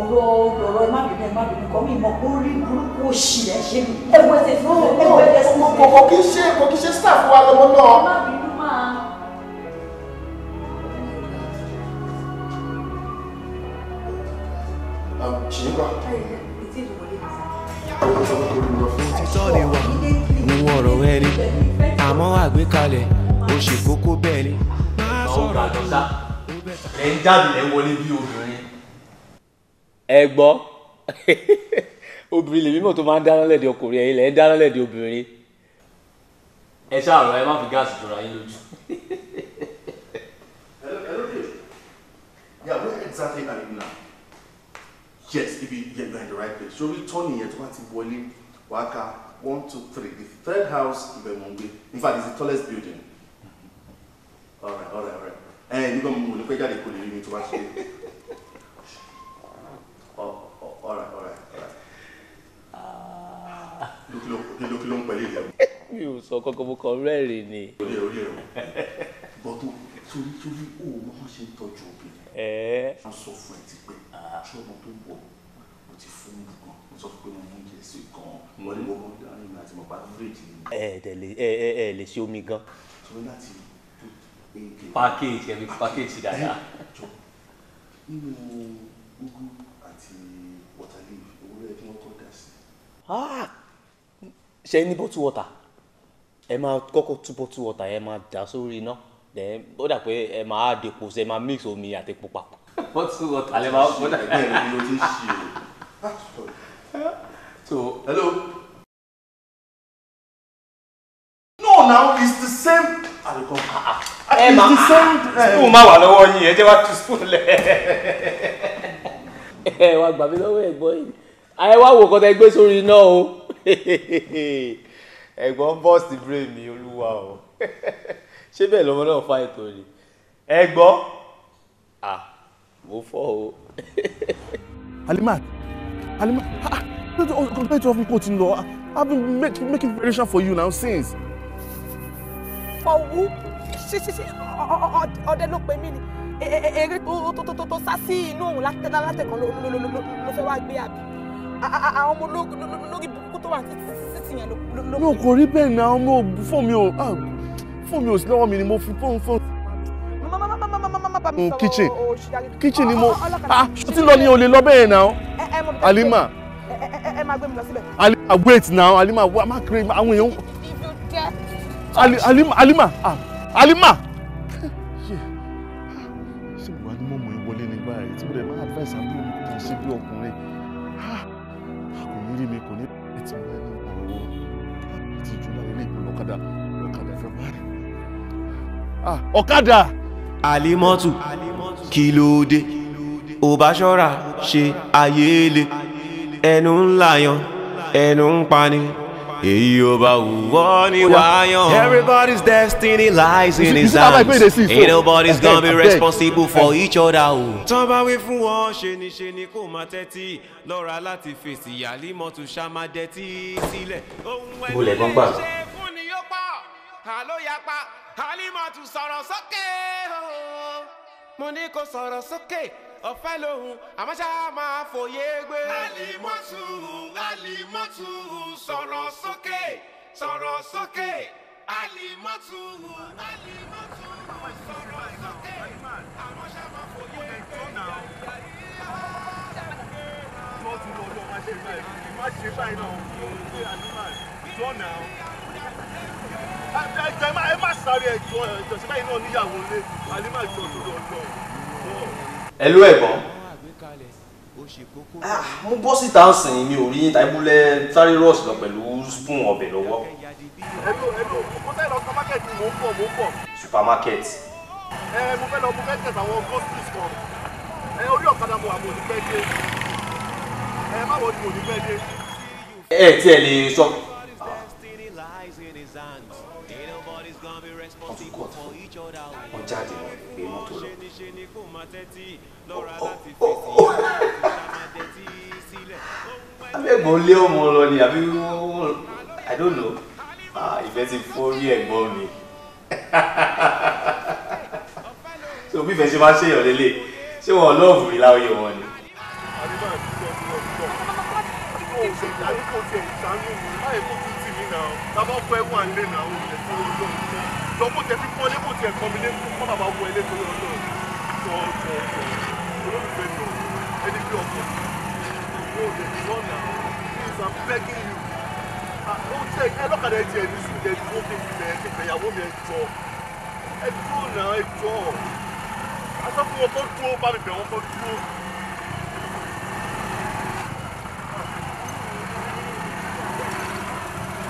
ọ̀rọ̀ ọ̀rọ̀ ẹ má bínú ẹ má bínú kọ́ mi mọ̀ kó burúkú òṣì rẹ̀ ṣe mí ẹgbẹ́ tẹ fún mi ẹgbẹ́ tẹ fún mi. kò kì ṣe kò kì ṣe staff wa lọ́wọ́ náà. àmọ́ àgbékalẹ̀ ó kókó bẹ́ẹ̀ ni. ọ̀gá dọ́tà ẹ̀ ń jáde ẹ̀ bí obìnrin ẹ gbọ́ *laughs* obìnrin lèmi mọ̀ tó máa ń dáná lẹ́dí ọkùnrin ẹ̀yin lẹ́yìn dáná lẹ́dí obìnrin. ẹ ṣáà rọ ẹ má fi gáàsì jọra yín lójú. Yeah, where exactly are you now? Yes, if you, yeah, you're the right place. So turn here to Matiboli, Waka, one, two, three. The third house, Ibemongbe. In fact, it's the tallest building. All right, all right, all right. And you're going to go to the Kuli, you need to watch it all right all right all right. Ah. kí ló ń pẹ̀lú ìyá mi. mi ò sọ kọ́kọ́ mo kàn rẹ́rìn ni. orí orí o bọ́ tó torí torí o mọ bó ṣe ń tọ́jú obìnrin. ẹ ẹ. wọ́n sọ fún ẹ ti pé aṣọ ah. ọmọ tó wọ̀ mo ti fún mi gan mo sọ pé mo mú jẹ sí gan wọ́n ní wọ́n mú dání mi àti mo bá fúrèjì mi. ẹ ẹ ẹ ẹ lè ṣe omi gan. torí láti pákéjì ẹ̀mí pákéjì dáadáa. nínú ogún Ah, ṣe ní bottle water ẹ máa kọ́kọ́ tú bottle water ẹ máa dà sórí iná then ó dà pé ẹ máa dèpò ṣe máa mix omi àti epo papọ̀. bottle water lè máa gbọ́dọ̀ ẹgbẹ́ rẹ ni mo ti ṣe o. so hello. no now it's the same. ẹ máa spoon máa wà lọ́wọ́ yín ẹ jẹ́ wá tú spoon lẹ̀. *laughs* ẹ wá gbà mí lọ́wọ́ ẹ̀gbọ́n yìí ayé wá wò kọ́tà gbé sórí iná o ẹ̀gbọ́n bọ́ọ̀sì brain mi olúwa o ṣé bẹ́ẹ̀ lọ́mọ náà fa ètò rẹ̀ ẹ̀gbọ́n ah mo fọ́ o. Halimat Halimat ah don't don't tell me kò ti lọ I've been make, making preparation for you now since. ọ̀wú ṣí ṣí ṣí ọdẹ ló pè mí ni eré tó tó tó tó sá sí inú òun látẹ̀kan ló fẹ́ wá gbé àbí àwọn ọmọ olórí burúkú tó wà títí yẹn ló. mi ò kò rí bẹ́ẹ̀ náà mo fún mi ò ah, fún mi ò sí lọ́wọ́ mi ni mo fi fún fún. Oh, kitchen oh, oh, kitchen ni mo ah ṣọtí ah, lọ ni o lè lọ bẹ́ẹ̀ náà eh, eh, Alima ẹ eh, máa gbé mi lọ síbẹ̀. Alima ah, wait now Alima wa máa kiri àwọn èèyàn. Alima Alima Alima. Ah, ọ̀kadà. àlímọ́tù kí ló dé ò ṣe ayé le ẹnu ńlá ẹnu ń pani èyí ò bá wọ́ ní wáyàn. everybody's destiny lies in his hands ain't nobody's gonna be responsible for each other o. fún wọn ṣe ni ṣe ni kò máa tẹ́tí lọ́ra láti fèsì àlímọ́tù ṣá máa dẹ́tí sílẹ̀. mo lè gbọ́n gbà àló yapa Halimatu sọ̀rọ̀ sókè o mo ní kó sọ̀rọ̀ sókè ọ̀fẹ́ lòun àmọ́ ṣá máa fòye gbé. Halimatu Halimatu sọ̀rọ̀ sókè sọ̀rọ̀ sókè Halimatu Halimatu sọ̀rọ̀ sókè àmọ́ ṣá máa fòye gbé. Not to know what I now ẹjọ ẹ má sáré ẹjọ ẹjọ ṣe báyìí náà níyàwó lé àlè má jọ lórí ọjọ. ẹlú ẹ̀gbọ́n ah, mo bọ́ síta ń sìn mi ò rí yín táìbúlẹ̀ sáré rọ́ọ̀sì lọ pẹ̀lú spoon ọbẹ̀ lọ́wọ́. ẹlò ẹlò mo fẹ́ lọ supermarket mo ń bọ̀ mo ń bọ̀. supermarket. ẹ mo fẹ́ lọ mo fẹ́ tẹ̀sán àwọn groceries kan ẹ orí ọ̀kadà mo àmọ̀ onípẹ́ dé ẹ má wọ ẹ tiẹ̀ lè sọ skies in his hands. Ain't nobody's gonna be responsible for each other. Wọ́n jáde lọ gbé mọ́tò lọ. Ṣé ni kò máa tẹ́tí lọ́ra oh, oh, láti oh, fèsì ṣàmàdẹ́tì sílẹ̀? Abẹ́gbọ̀n lé ọmọ lọ ni àbí I don't know. Ah, ìfẹ́ ti forí ẹ̀gbọ́n mi. Ṣé *laughs* òbí ìfẹ́ ṣe máa ń ṣèyàn lélẹ̀? Ṣé wọn lọ́ọ̀bù mi láwùjọ wọn ni? Àdìbò àti ìjọba ọ̀gbọ̀n. Àdìbò òṣèlú àdìbò òṣèlú ìdánù mi. Báyìí kò tún tì mí náà tábà fẹ́ wà ń lè náà òun ẹ̀sìn ọlọ́run lọ bó tẹ fi kọ́ lé bó tẹ kọ́ mi lé kọ́ bàbá wọ ilé tó lọ́ọ́ lọ́ọ́ tọ́ tọ́ olólùfẹ́ lọ ẹni bí ọkọ̀ ìwọ òde ìwọ náà please i'm begging you ah, ó tẹ ẹlọ́kadà ẹ jẹ ẹni sùn jẹ dúró kí n fẹ́ kí n fẹ́ yàwó mi ẹ to. ẹ dúró náà ẹ jọ àtọ́kùn wọn kó dúró bá mi bẹ̀ wọn kó dúró.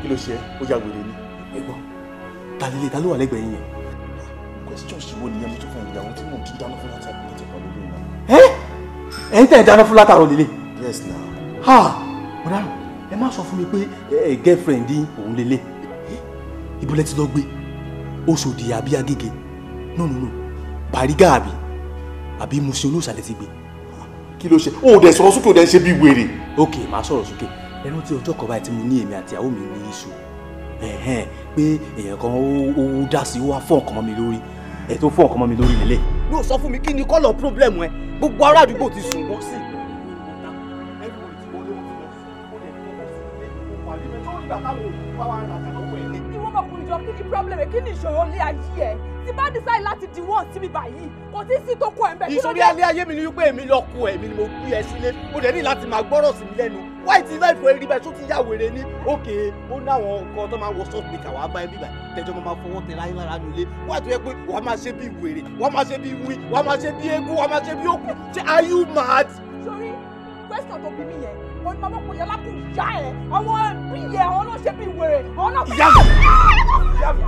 kí ló ṣe ẹ́ ó ya wèrè ni. ẹ gbọ́ ta lè lè ta ló wà lẹ́gbẹ̀ẹ́ yẹn. question ṣe wo nìyẹn mo tún fún ìyàwó tí mò ń tún dáná fún láti àgbẹ̀ tẹ̀ pọ̀ lórí ìlànà. ẹ ẹ ń tẹ̀ dáná fún látàrọ̀ lélẹ̀. yes na. ha mọ̀dá ẹ má sọ fún mi pé ẹ girlfriend òun lélẹ̀ ibùlẹ̀ ti lọ gbé Oṣòdì àbí Agége no no no Bàrígà àbí àbí Musin kí ló ṣe o dẹ̀ sọ̀rọ̀ sókè o dẹ̀ ṣe bí wèrè. ok màá sọ̀rọ̀ sókè ẹnu tí ọjọ́ kan báyìí tí mo ní èmi àti àwọn mi ní iṣu pé èèyàn kan ó dá sí ó wá fọ́ nǹkan mọ́ mi lórí ẹ̀ tó fọ́ nǹkan mọ́ mi lórí lélẹ̀. yóò sọ fún mi kí ni kọ́lọ̀ pírọ́blẹ̀mù ẹ gbogbo ará àdúgbò ti sùn wọ́n sí. ẹ̀rù ìtìwọlé wọn ti lọ sí ọ̀dẹ̀ tó wà níbi tó ń gbà táwọn òkú wá wá rà ní problem kí ni ìṣòro ilé ayé ẹ ti bá decide láti di wọ́n síbi báyìí kò tí ì sí tó kọ ẹ̀ ń bẹ̀. ìṣòro ilé ayé mi ni wípé èmi lọ kó ẹ̀mí ni mo gbé ẹ sílé mo dẹ̀ ní láti máa gbọ́rọ̀ sí mi lẹ́nu wáyé ti láì fún ẹ rí bẹ́ẹ̀ tó ti yá wèrè ní òkè ó ní àwọn nǹkan tó máa wọ sọ́ọ̀tì kà wá bá ẹ bíbà tẹjọ́ máa fọwọ́ tẹ láyé lára nílé wáyé tó yẹ pé wàá máa ṣe bí wèrè wàá máa ṣe bí wí wàá máa ṣe bí eégún wàá máa ṣe bí òkú ṣe are you mad. sori question tó bí mi yẹn àwọn ní mọ́mọ́ pòyẹ́ lápò ìyá ẹ̀ àwọn ẹbí ẹ̀ àwọn náà ṣe bí wèrè àwọn náà. ìyá mi ìyá mi.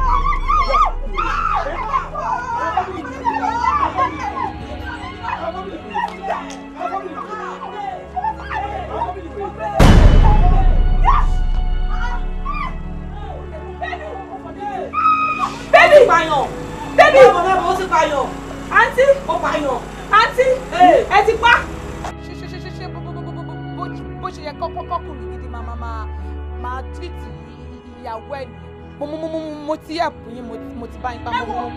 Bébí pààyàn! Bébí! Ó ti pààyàn! Àǹtí! Ó pààyàn! Àǹtí! Ẹ ti pa! yẹ kọ́kọ́kọ́kùnrin gidi máa máa máa máa tírìtì ìyàwó ẹ̀ mo mo mo mo ti ẹ̀pù yín mo ti bá yín bá mo mọ́.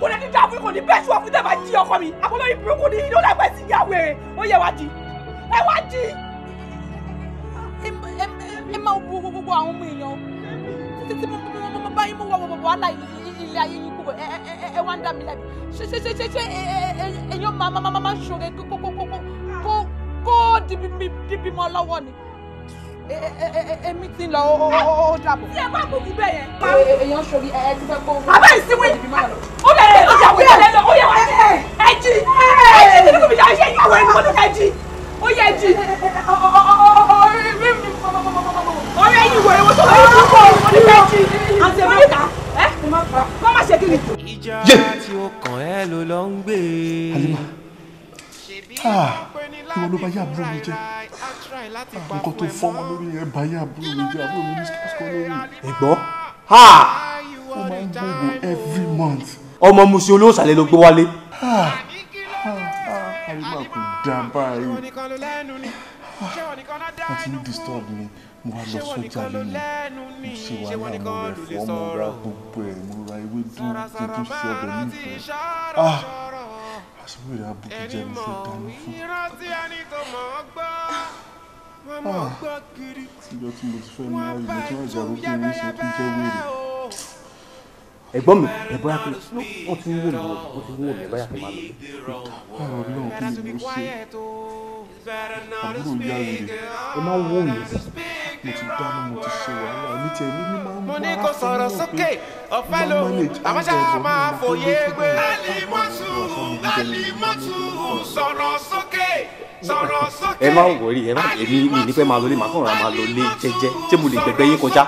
kò lè ní dáa fún kò ní bẹ́ẹ̀ sùn ọ̀fun tẹ̀fà jí ọkọ mi àkọlọ́ ìbúrú kò ní ìdó làgbẹ́ sí ìyàwó ẹ̀ ó yẹ wá jí ẹ wá jí. ẹ máa wo gbogbo àwọn ọmọ èèyàn títí mo mo bá yín mo wọ wàhálà ilé ayé yín kúrò ẹ wá ń dá mi lẹ́bi ṣe ṣe ṣe ṣe ṣe èèyàn máa máa máa ṣòro kókókókó kó dìbì mọ́ lọ́wọ́ ni èmi ti ń lọ ó dàbọ̀. tí ẹ bá kúkú bẹ́ẹ̀ yẹn. èèyàn sori ẹ ti fẹ́ kó. bàbá yìí síwìn ó lè ó yà wọlé lẹ́nu ó yà wọlé ẹ jí ẹ jí nínú kùbìjà ó yẹ yí àwọn ẹni wọlé ẹ jí ó yẹ jí. ọ̀rẹ́ yìí wọlé wọ́n tó wọ́n yìí kúkọ́ wọlé ẹ jí àti ẹ̀mí ta kọ́ má ṣe kí ni. ìjà tí ó kàn ẹ́ ló lọ ń gbé ìwọ ah, ló bá yá àbúrò mi jẹ ah, nǹkan tó fọ́ wọn lórí ẹ̀ bá yá àbúrò mi jẹ àbúrò mi ní sọ́kọ́ lórí. ẹ̀gbọ́ ah! ó máa ń gbogbo every month. ọmọ musin olóòsàlẹ̀ ló gbé wálé. àríwá kò dá báyìí wọ́n ti ń disturb me mo wá lọ sọ́jà lẹ́nu mo ṣe wà ní àwọn ẹ̀fọ́ mo ra gbogbo ẹ̀ mo ra ewé dúró kí n tó ṣe ah àṣírí rẹ̀ abúlé jẹ́ mi fẹ́ dáná fún ah tíjọ́ tí mo ti fẹ́ máa yìí mo tún ọjà rúkú mi ṣe tún jẹ́ wèrè ẹ̀gbọ́n mi ẹ̀bọ́ yà pé wọ́n ti ń wò wọ́n ti ń wò mí yà pé màá lò ọ̀rọ̀ náà kí ni mo ṣe àbúrò ìyá rẹ̀ ẹ máa wò mí mo ti dáná mo ti ṣe wàhálà èmi tiẹ̀ ní ní máa ń wá fún mi pé mo máa manage àwọn ẹ̀rọ máa fòye gbé. alimọ́tù alimọ́tù sọ̀rọ̀ sókè sọ̀rọ̀ sókè. ẹ má wọrí ẹ má èmi mi ní fẹ́ máa lọlé màá kàn rà máa lọlé jẹ́jẹ́ tí mo lè gbẹgbẹ́ yín kọjá.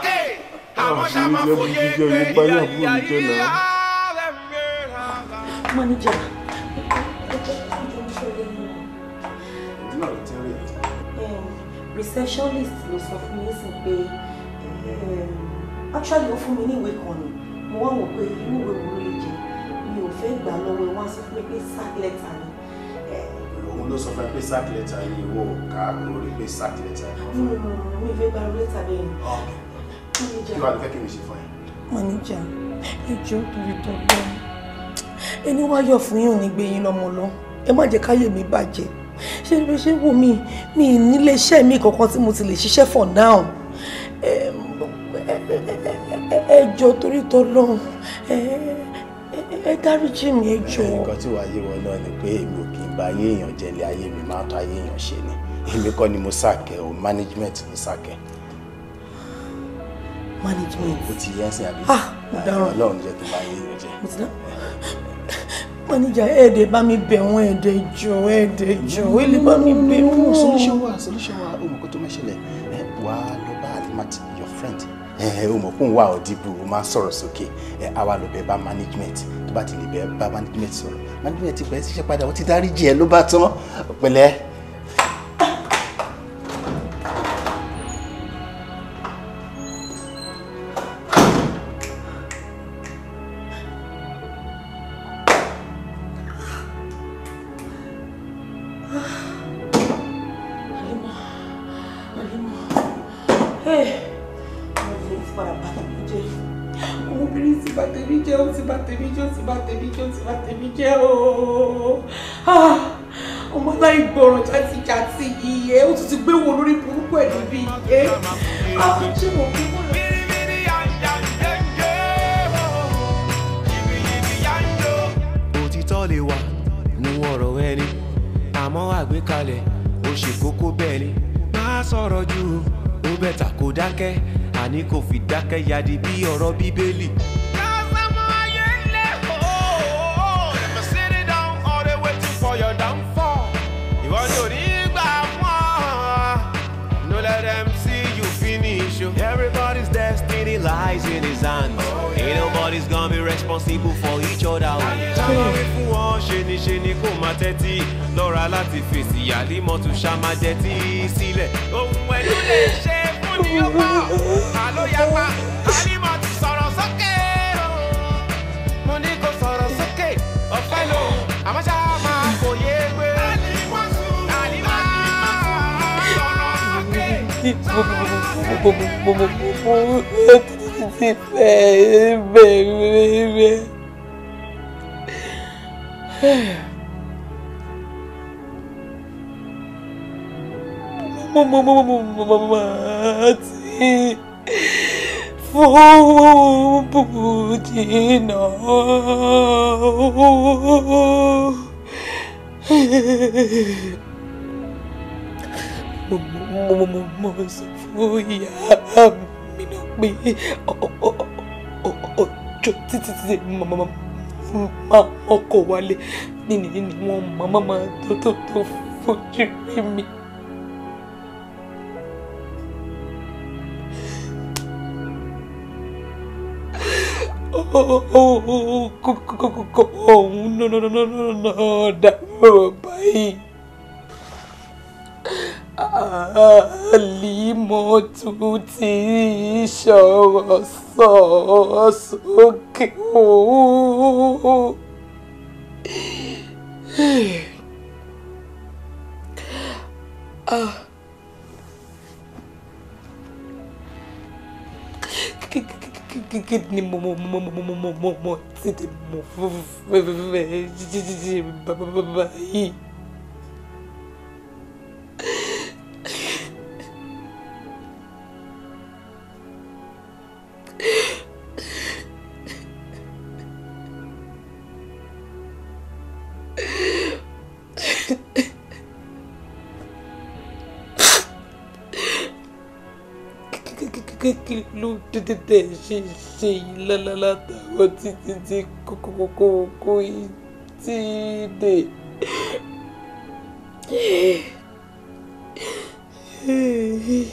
Manager. Um, receptionist ló sọ fún mi sí pé um, actually ó fún mi ní ìwé kan ni mo wá wò pé irú ìwé wo ló lè jẹ mi ò fẹ́ gbà lọ́wọ́ ẹ wá sọ fún mi pé sack letter ni. Eh, òun ló sọ fún ẹ pé sack letter yìí wò ká lórí pé sack letter yìí. Hmm, mi ò fẹ́ gba lẹ́tà bẹ́ẹ̀ ni kí wàá lè fẹ́ kí mi ṣe fún ẹ. mọ̀nìjà ẹjọ́ torí tọ́gbọ́n ẹni wáyọ̀ fún yín ò ní gbé yín lọ́mọ lọ ẹ má jẹ́ káyè mi bàjẹ́ ṣé bí ṣe wò mí mi nílé iṣẹ́ mi kankan tí mo ti lè ṣiṣẹ́ for now ẹjọ́ torí tọ́lọ́run ẹ dáríjì mi ẹjọ́. nǹkan tí wàá yé wọn náà ni pé èmi ò kì í ba ayé èèyàn jẹ́ ilé ayé mi máa tọ́ ayé èèyàn ṣe ni èmi kọ́ ni mo sàkẹ́ o management mo sàkẹ́ management. o ti yẹn sìn àbí. ah mo dáràn Ọlọ́run jẹ kí n bá yé yẹn jẹ. mo ti dáràn manager ẹ̀ẹ́dẹ̀ bá mi bẹ̀ wọ́n ẹ̀ẹ́dẹ̀ jọ ẹ̀ẹ́dẹ̀ jọ ó lè bá mi bẹ̀ wọ́n. solution wa solution wa o mọ̀ kó tó mẹ́sẹ̀lẹ̀ ẹ wà á lọ bá alimati your friend ẹ o mọ̀ kó ń máa sọ̀rọ̀ sókè àwa lọ bẹ̀ bá management tó bá ti lè bẹ̀ bá management sọ̀rọ̀ management ti bẹ̀ẹ́ ṣiṣẹ́ padà ó ti dáríjì ẹ ló bá tán pẹ̀lẹ́. ọ̀rọ̀ bíbélì. Everybody's destiny lies in his hands. Oh, Ain't nobody's gonna be responsible for each other. fún wọn ṣe ni ṣe ni kò máa tẹ́tí. Lọ́ra láti fèsì àlímọ̀tún ṣá máa jẹ́ tí sílẹ̀. Ohun ẹ̀dùn lè ṣe ni ó pa tí fún bùjìnà. mo sọ fún ìyá mi náà pé ọjọ́ títí tí máa ọkọ̀ wálé ni wọ́n máa tó tó tó fojú rí mi. Oh, òun náà dárò báyìí àlìmọ́tù ti sọ̀rọ̀ sọ sókè òun. Ah. kí *laughs* ni kékeré ló tètè tẹ̀ ṣe ṣe yìí lálálá tàwọn títí tí kókókókó tí dè. Hey.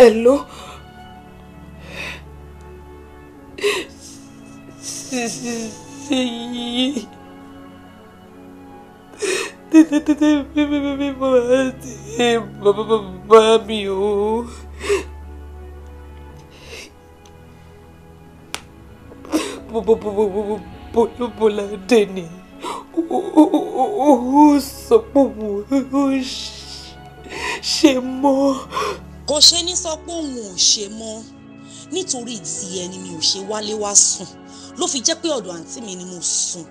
Hello? Ṣèyí. Tẹ́tẹ́tẹ́tẹ́ mi máa ti bá mi o. Bọ́ládé ni ó sọ pé òun ò ṣe mọ́ kò ṣe ní sọ pé òun ò ṣe mọ́ nítorí ti ẹni mi ò ṣe wálé wá sùn ló fi jẹ́ pé ọ̀dọ̀ àǹtí mi ni mo sùn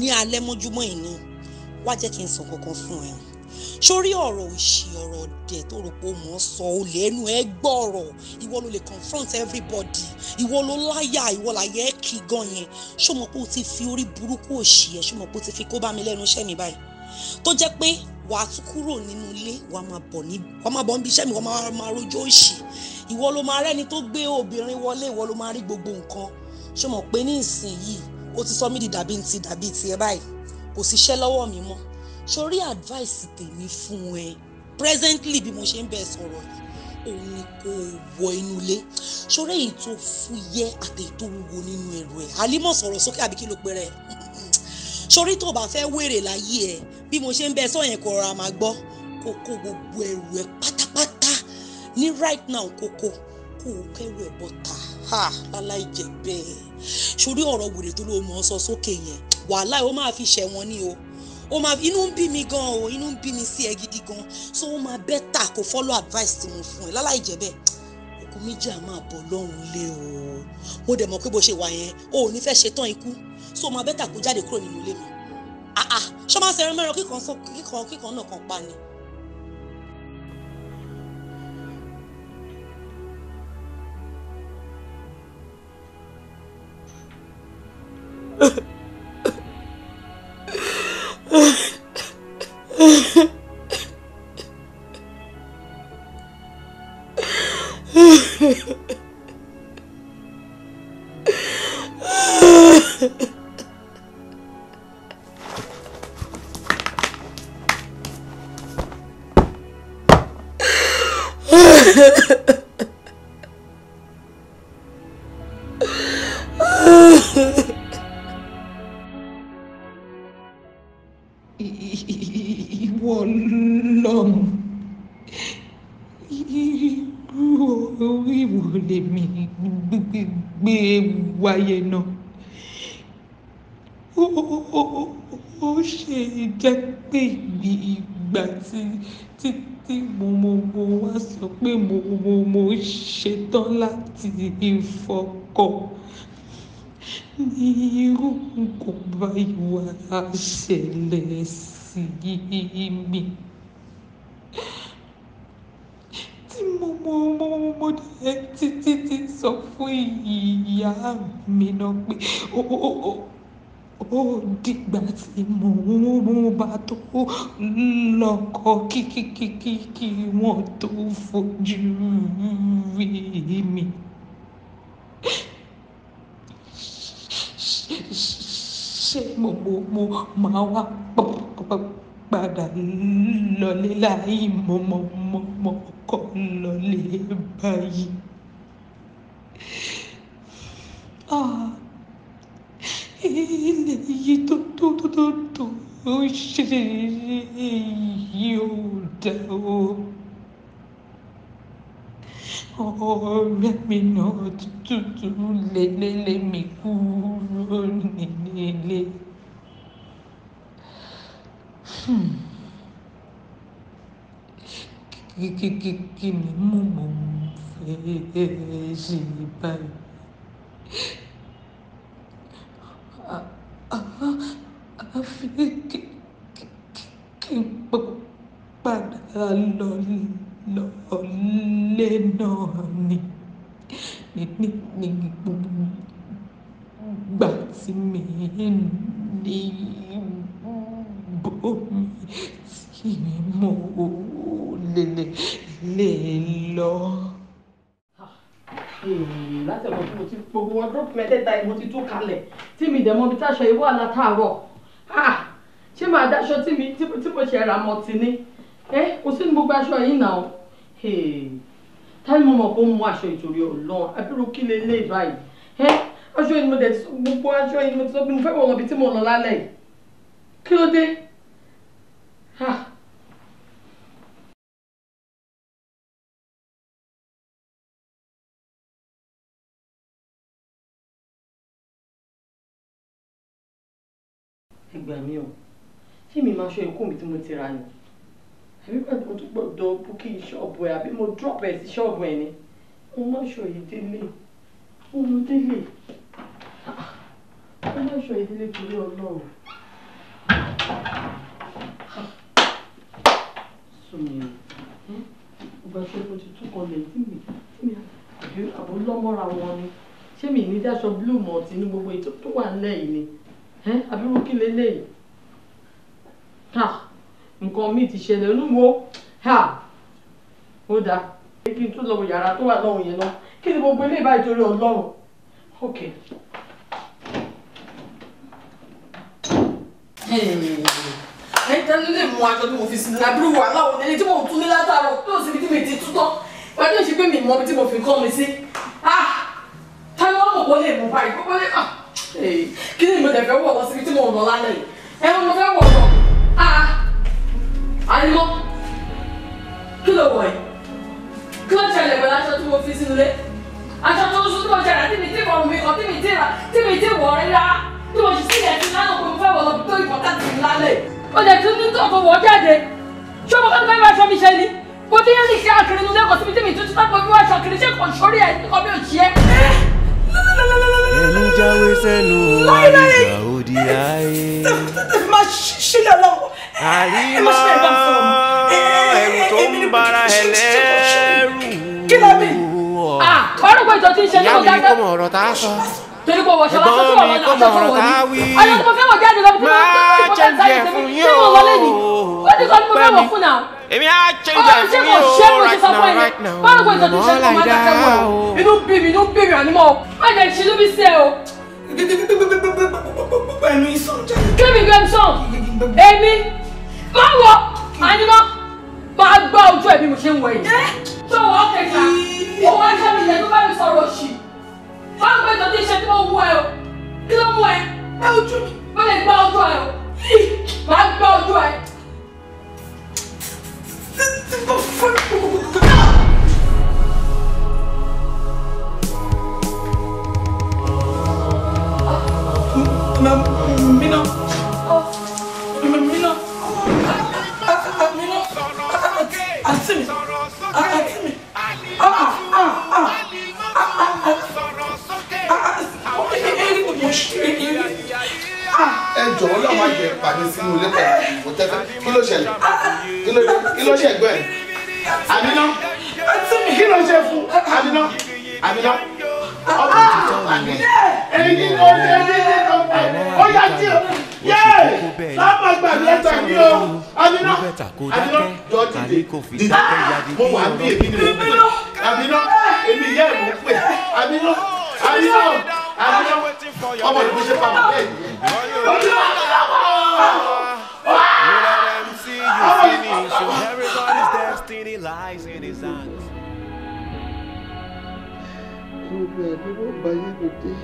ní alẹ́ mọ́júmọ́ ìní wá jẹ́ kí n sọ kankan fún ẹ sórí ọ̀rọ̀ òṣì ọ̀rọ̀ ọ̀dẹ̀ tó rò pé ó sọ ó lẹ́nu ẹ gbọ́rọ̀ ìwọ ló lè confront everybody ìwọ ló láyà ìwọ láyà ẹ kì í gan yẹn ṣó mọ̀ pé o ti fi orí burúkú òṣì ẹ ṣó pé o ti fi kó bá mi lẹ́nu iṣẹ́ mi báyìí tó jẹ́ pé wà á tún kúrò nínú ilé wà á máa bọ̀ ní wà á máa bọ̀ níbi iṣẹ́ mi wà á máa rojọ́ òṣì ìwọ ló máa rẹ́ni tó gbé obìnrin wọlé ìwọ ló máa rí gbogbo nǹkan ṣé mọ̀ pé ní ìsinyìí ó ti sọ mí di dàbí ti dàbí ti ẹ báyìí kò síṣẹ́ lọ́wọ́ mi mọ́ sórí advice tèmi fún ẹ presently bí mo ṣe ń bẹ sọ̀rọ̀ yìí òun ni kò wọ inú ilé ṣoré èyí tó fúyẹ́ àtẹ̀yí wúwo nínú ẹ̀rọ ẹ̀ àlímọ̀ sọ̀rọ̀ sókè àbí kí ló pẹ́rẹ́ ẹ̀ sórí tó bá fẹ́ wèrè láyé ẹ bí mo ṣe ń bẹ sọ́yìn kò rọra máa gbọ́ kó kó gbogbo ẹrù ẹ pátápátá ní right now kókó kó o kẹrù ẹ bọ́ta ha láláì jẹ bẹ́ẹ̀ sórí ọ̀rọ̀ wèrè tó ló mọ̀ ọ́ sọ sókè yẹn wàhálà ó máa fi ṣẹ̀wọ̀n ni o ó máa inú ń bí mi gan o inú ń bí mi sí ẹ gidi gan so ó máa bẹ́tà kó follow advice tí mo fún ẹ láláì jẹ bẹ́ẹ̀ méjì á máa bọ̀ lọ́hùn lé o mo dẹ̀ mọ̀ pé bó ṣe wà yẹn o ò ní fẹ́ ṣe tán ikú so máa bẹ́tà kó jáde kúrò nínú ilé mi àà ah, ah, ṣọ́ máa ń sẹ́rẹ́ mẹ́rọ kíkan kíkan náà kan pa ni. ó ṣe jẹ́ pé ìgbà tí tí tí mo mo mo wá sọ pé mo mo mo ṣetán láti ìfọkọ̀ ní irú nǹkan báyìí wá ṣẹlẹ̀ sí mi tí mo mo mo mo títí sọ fún ìyá mi náà pé ó ó ó ó dìgbà tí mò ń bá tó lọ́kọ kíkíkíkí kí wọ́n tó fojú rí mi. ṣé mo mo mo máa wá padà lọlé láì mọ mọ mọ mọ kọ lọlé báyìí. Ah. Egli tutto tutto aiuto. Ora mi noto tutto le le le mi curo le le le. Che che che che mi mumu fesi pai. lọ lọlé ní gbogbo tí mi ní bómi tí mo lè lè lọ. láti tí mo ti gbogbo ọdún mẹ́tẹ̀ẹ̀ta mo ti tún kalẹ̀ tí mi dẹ̀ mọ́ bí táṣọ ìwọ́ àlátàárọ̀ ah! ṣé màá dáṣọ tí mo ṣe ra mọ́ ti ní ẹ kò sí ní gbogbo aṣọ yìí náà táyì mo mọ̀ pé ó mú aṣọ ìtòrí ọlọ́run abirú kí lè lè báyìí ẹ aṣọ yìí mo dẹ̀ gbogbo aṣọ yìí mo ti sọ pé mo fẹ́ wọ̀ lọ́bi tí mo lọ lálẹ́ yìí kí ló dé? ẹ gbà mí o ṣé mi máa ṣọ ikú mi tí mo ti ra ni àbí pẹ̀lú mo tún gbọ́dọ̀ búkì shop ẹ̀ Abi mo drop ẹ̀ sí ṣọ́ọ̀bù ẹ̀ ni mo má ṣòye délé mo mú délé mo má ṣòye délé torí ọlọ́run. sùnmí ìgbà tó mo ti tún kan lẹ́yìn ti mi tí mi àbí àbò lọ́mọ́ra wọn ni ṣé mi ní dáṣọ blue mo ti ni gbogbo ètò tó wà nílẹ̀ yìí ni Abi mo ki kí lélẹ́yìn nǹkan míì ti ṣẹlẹ̀ olúwo ha ó dáa kí n tún lọ wo yàrá tó wà lọ́hùn yẹn lọ kí ni gbogbo ilé ìbá ìtorí ọlọ́run ok. ẹ dáná lè mú aṣọ tí mo fi sinmi lábúrò wà láwọn ẹni tí mo tún ní látàárọ̀ tó sì fi tí mi ti tútọ́ pẹ̀lú ìṣẹ́gbẹ́ mi mọ́ bí tí mo fi kọ́ mi sí ah! táyọ̀ wà mọ̀ kó lè mú báyìí kó lè ah! kí ni mo lè fẹ́ wọ̀ lọ síbi tí mo lọ lálẹ́ yìí ẹ̀rọ mo fẹ́ wọ̀ lọ. Ah! ànímọ́ kí ló wọ̀ yìí kí ló ṣẹlẹ̀ pẹ̀lú aṣọ tí mo fi sínú ilé aṣọ tó ń sún tó ṣẹlẹ̀ tí mi ti wọ̀ mi kan tí mi ti rà tí mi ti wọ̀ rí rá tí mo sì sílẹ̀ sí lánàá pé mo fẹ́ wọ̀ lọ tó ìpọ́tàtì mi lálẹ́ ó dẹ̀ tún ní tó kò wọ́ jáde ṣé mo fẹ́ fẹ́ aṣọ mi ṣe ni mo ti yẹ́ ní mi kò mọ̀ ọ̀rọ̀ tá a sọ. torí pé wọ̀ṣọ̀ wá sọ́sọ́ wọn lọ́sọ̀ wọn ni ọ̀rọ̀ tí mo fẹ́ wọ̀ jáde lọ́mọ tí mo fẹ́ wọ̀ jáde fún yín o ó ti kọ́ mo fẹ́ wọ̀ fún náà. o right now right now báwo kò ìtọ́jú ṣe kò máa dáṣẹ́ wọ̀ inú bí mi inú bí mi ànímọ́ o má jẹ́ ìṣinú bí sẹ́ o. ẹnu ìsọ̀ jáde. kí ni gbẹ̀m sọ̀ èmi má wọ ànímọ́ máa gbá ojú ẹ̀mí mo ṣe ń wọ̀ yìí. ṣé wọ́n kẹta òun á jẹ́ mi lẹ́nu bá mi sọ̀rọ̀ òṣì wọ́n gbé ìtọ́jú iṣẹ́ Ah, ẹ jọ̀wọ́ làwọn àjẹ pàdé sínú ilé pẹ̀lú ìwò kí ló ṣẹlẹ̀ kí ló ṣe ẹ̀ àníná kí ló ṣe fún àníná àníná ọdún tuntun àní ẹni ló ṣe ní ilé kọ́pẹ́ ó yá jí o yé sábà gbàgbé ẹ̀ta kí o àníná àníná jọ dìde dìde mo wà bí èmi ni mo pè àníná èmi yẹ́ ẹ̀ mo pè àníná àníná àwọn ọmọ ìlú ṣe pamọ́ bẹ́ẹ̀ ni ojú wa ti lọ pọ̀ wá ọmọ ìlú ṣe pamọ́. Gbogbo àdúgbò báyé ló dé.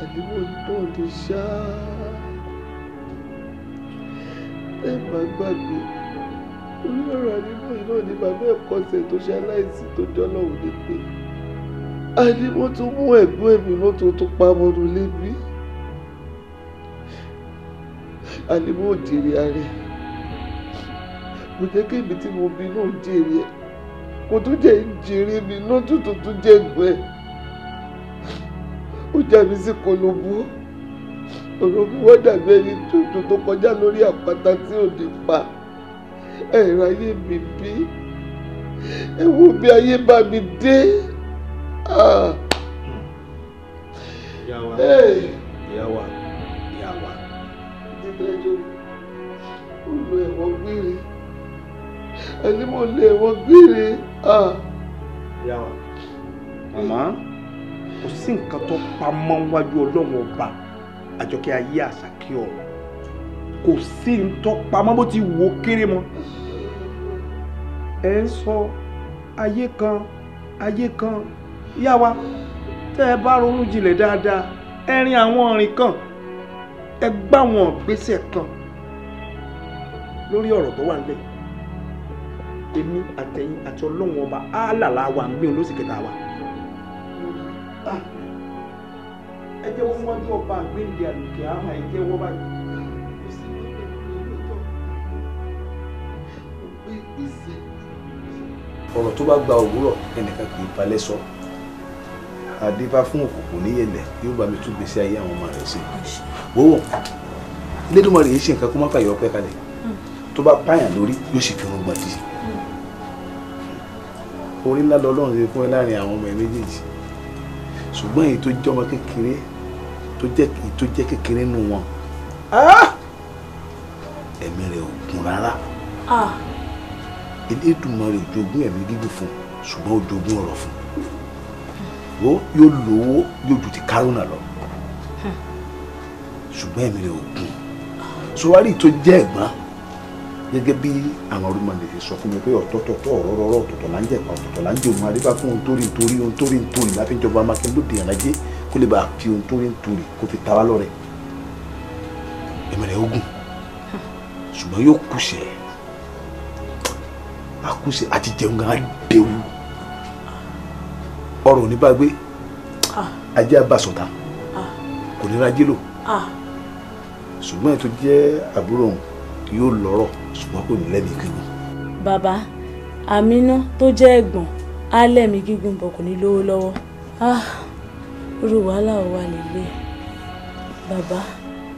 Àdúgbò náà lè ṣá. Ẹ máa gbàgbé olórí ọ̀rọ̀ àdúgbò náà ni bàbá ẹ̀kọ́ ṣe tó ṣe aláìsí tó jọ́ lọ́wọ́ lé pé a ní wọ́n tún mú ẹ̀gbọ́n mi wọ́n tún tún pa mọ́nu lébi a ní wọ́n jèrè ààrẹ kò jẹ́ kí èmi tí mo bí náà jèrè ẹ̀ kò tún jẹ́ jèrè mi náà tún tún tún jẹ́ ẹ̀gbọ́n ẹ̀ ó já mi sí kolobo ọ̀rọ̀ mi wọ́n dàbí ẹni tuntun tó kọjá lórí àpáta tí ò ní pa ẹ̀rọ ayé mi bí ẹ wo bí ayé bá mi dé. Ah. ìyá wa ìyá wa ìyá wa. ìdájọ́ olú ẹ̀wọ̀n gbére ẹni mo lé ẹ̀wọ̀n gbére. Ah. ìyá wa màmá kò sí nǹkan tó pamọ́ wájú ọlọ́run ọba àjọkẹ́ ayé àṣàkí ọ̀run kò sí ní tó pamọ́ bó ti wò kéré mọ́. ẹ ń sọ ayé kan ayé kan ìyá wa tẹ́ ẹ bá ronú jinlẹ̀ dáadáa ẹ rin àwọn ọ̀rìn kan ẹ gbá àwọn ìgbésẹ̀ kan lórí ọ̀rọ̀ tó wà nílẹ̀ èmi àtẹ̀yìn àti ọlọ́run ọba áàlàlà wa ń gbé olóṣì kẹta wa. Ah, ẹ jẹ́wọ́ mọ́jú ọba àgbéǹde àlùkè àmà ẹ jẹ́wọ́ báyìí. ọ̀rọ̀ tó bá gba òwúrọ̀ ẹnìkan kì í balẹ̀ sọ̀rọ̀ adébá fún òkùnkùn níyẹlẹ yóò bá mi tún gbèsè ayé àwọn ọmọ rẹ sí i wọ́wọ́ Elédùmarè yìí ṣe nǹkan kó má fàyọ̀ ọpẹ́ kalẹ̀ tó bá pààyàn lórí yóò sì fi wọn gbọ̀n dì í orí ńlá lọ́lọ́run ṣe fún ẹ láàrin àwọn ọmọ ẹ méjèèjì ṣùgbọ́n èyí tó jẹ́ ọmọ kékeré tó jẹ́ èyí tó jẹ́ kékeré nù wọn ah! ẹ̀mí rẹ̀ ò gùn rárá ah! Elédùmarè jogún ẹ̀mí gígùn fún ṣùgbọ́n ó jogún ọ̀rọ̀ fún wo yóò lówó yóò ju ti kárùnà lọ hmm. ṣùgbọ́n èmi rẹ̀ ò gùn sọwárì tó jẹ́ ẹ̀gbọ́n gẹ́gẹ́ bí àwọn arúgbọ̀nlẹ̀ ṣe sọ fún mi pé ọ̀tọ̀tọ̀tọ̀ ọ̀rọ̀rọ̀rọ̀ ọ̀tọ̀tọ̀ là ń jẹ̀pá ọ̀tọ̀tọ̀ là ń jẹ òun àríwá fún ohun tó rí nítorí ohun tó rí nítorí láfi jọba mákindóde ìrànlẹ́jẹ kó lè bá a fi ohun tó rí nítorí kó fi ta wá lọ́rẹ̀ èmi rẹ̀ ó gùn hmm. ṣùgbọ́n yóò kùsẹ̀ àkùsẹ̀ àti jẹun gan-an ọrùn ní bá gbé ah. ajé abasùnta ah. kò ní rajé lò ah. ṣùgbọ́n ètò jẹ́ àbúrò òun yóò lọ́rọ̀ ṣùgbọ́n kò ní lẹ́mìí gígùn. bàbá àmínú tó jẹ́ ẹ̀gbọ́n á lẹ́mìí gígùn bọ̀ kò ní lówó lọ́wọ́ irú wàhálà ò wà lélẹ̀ bàbá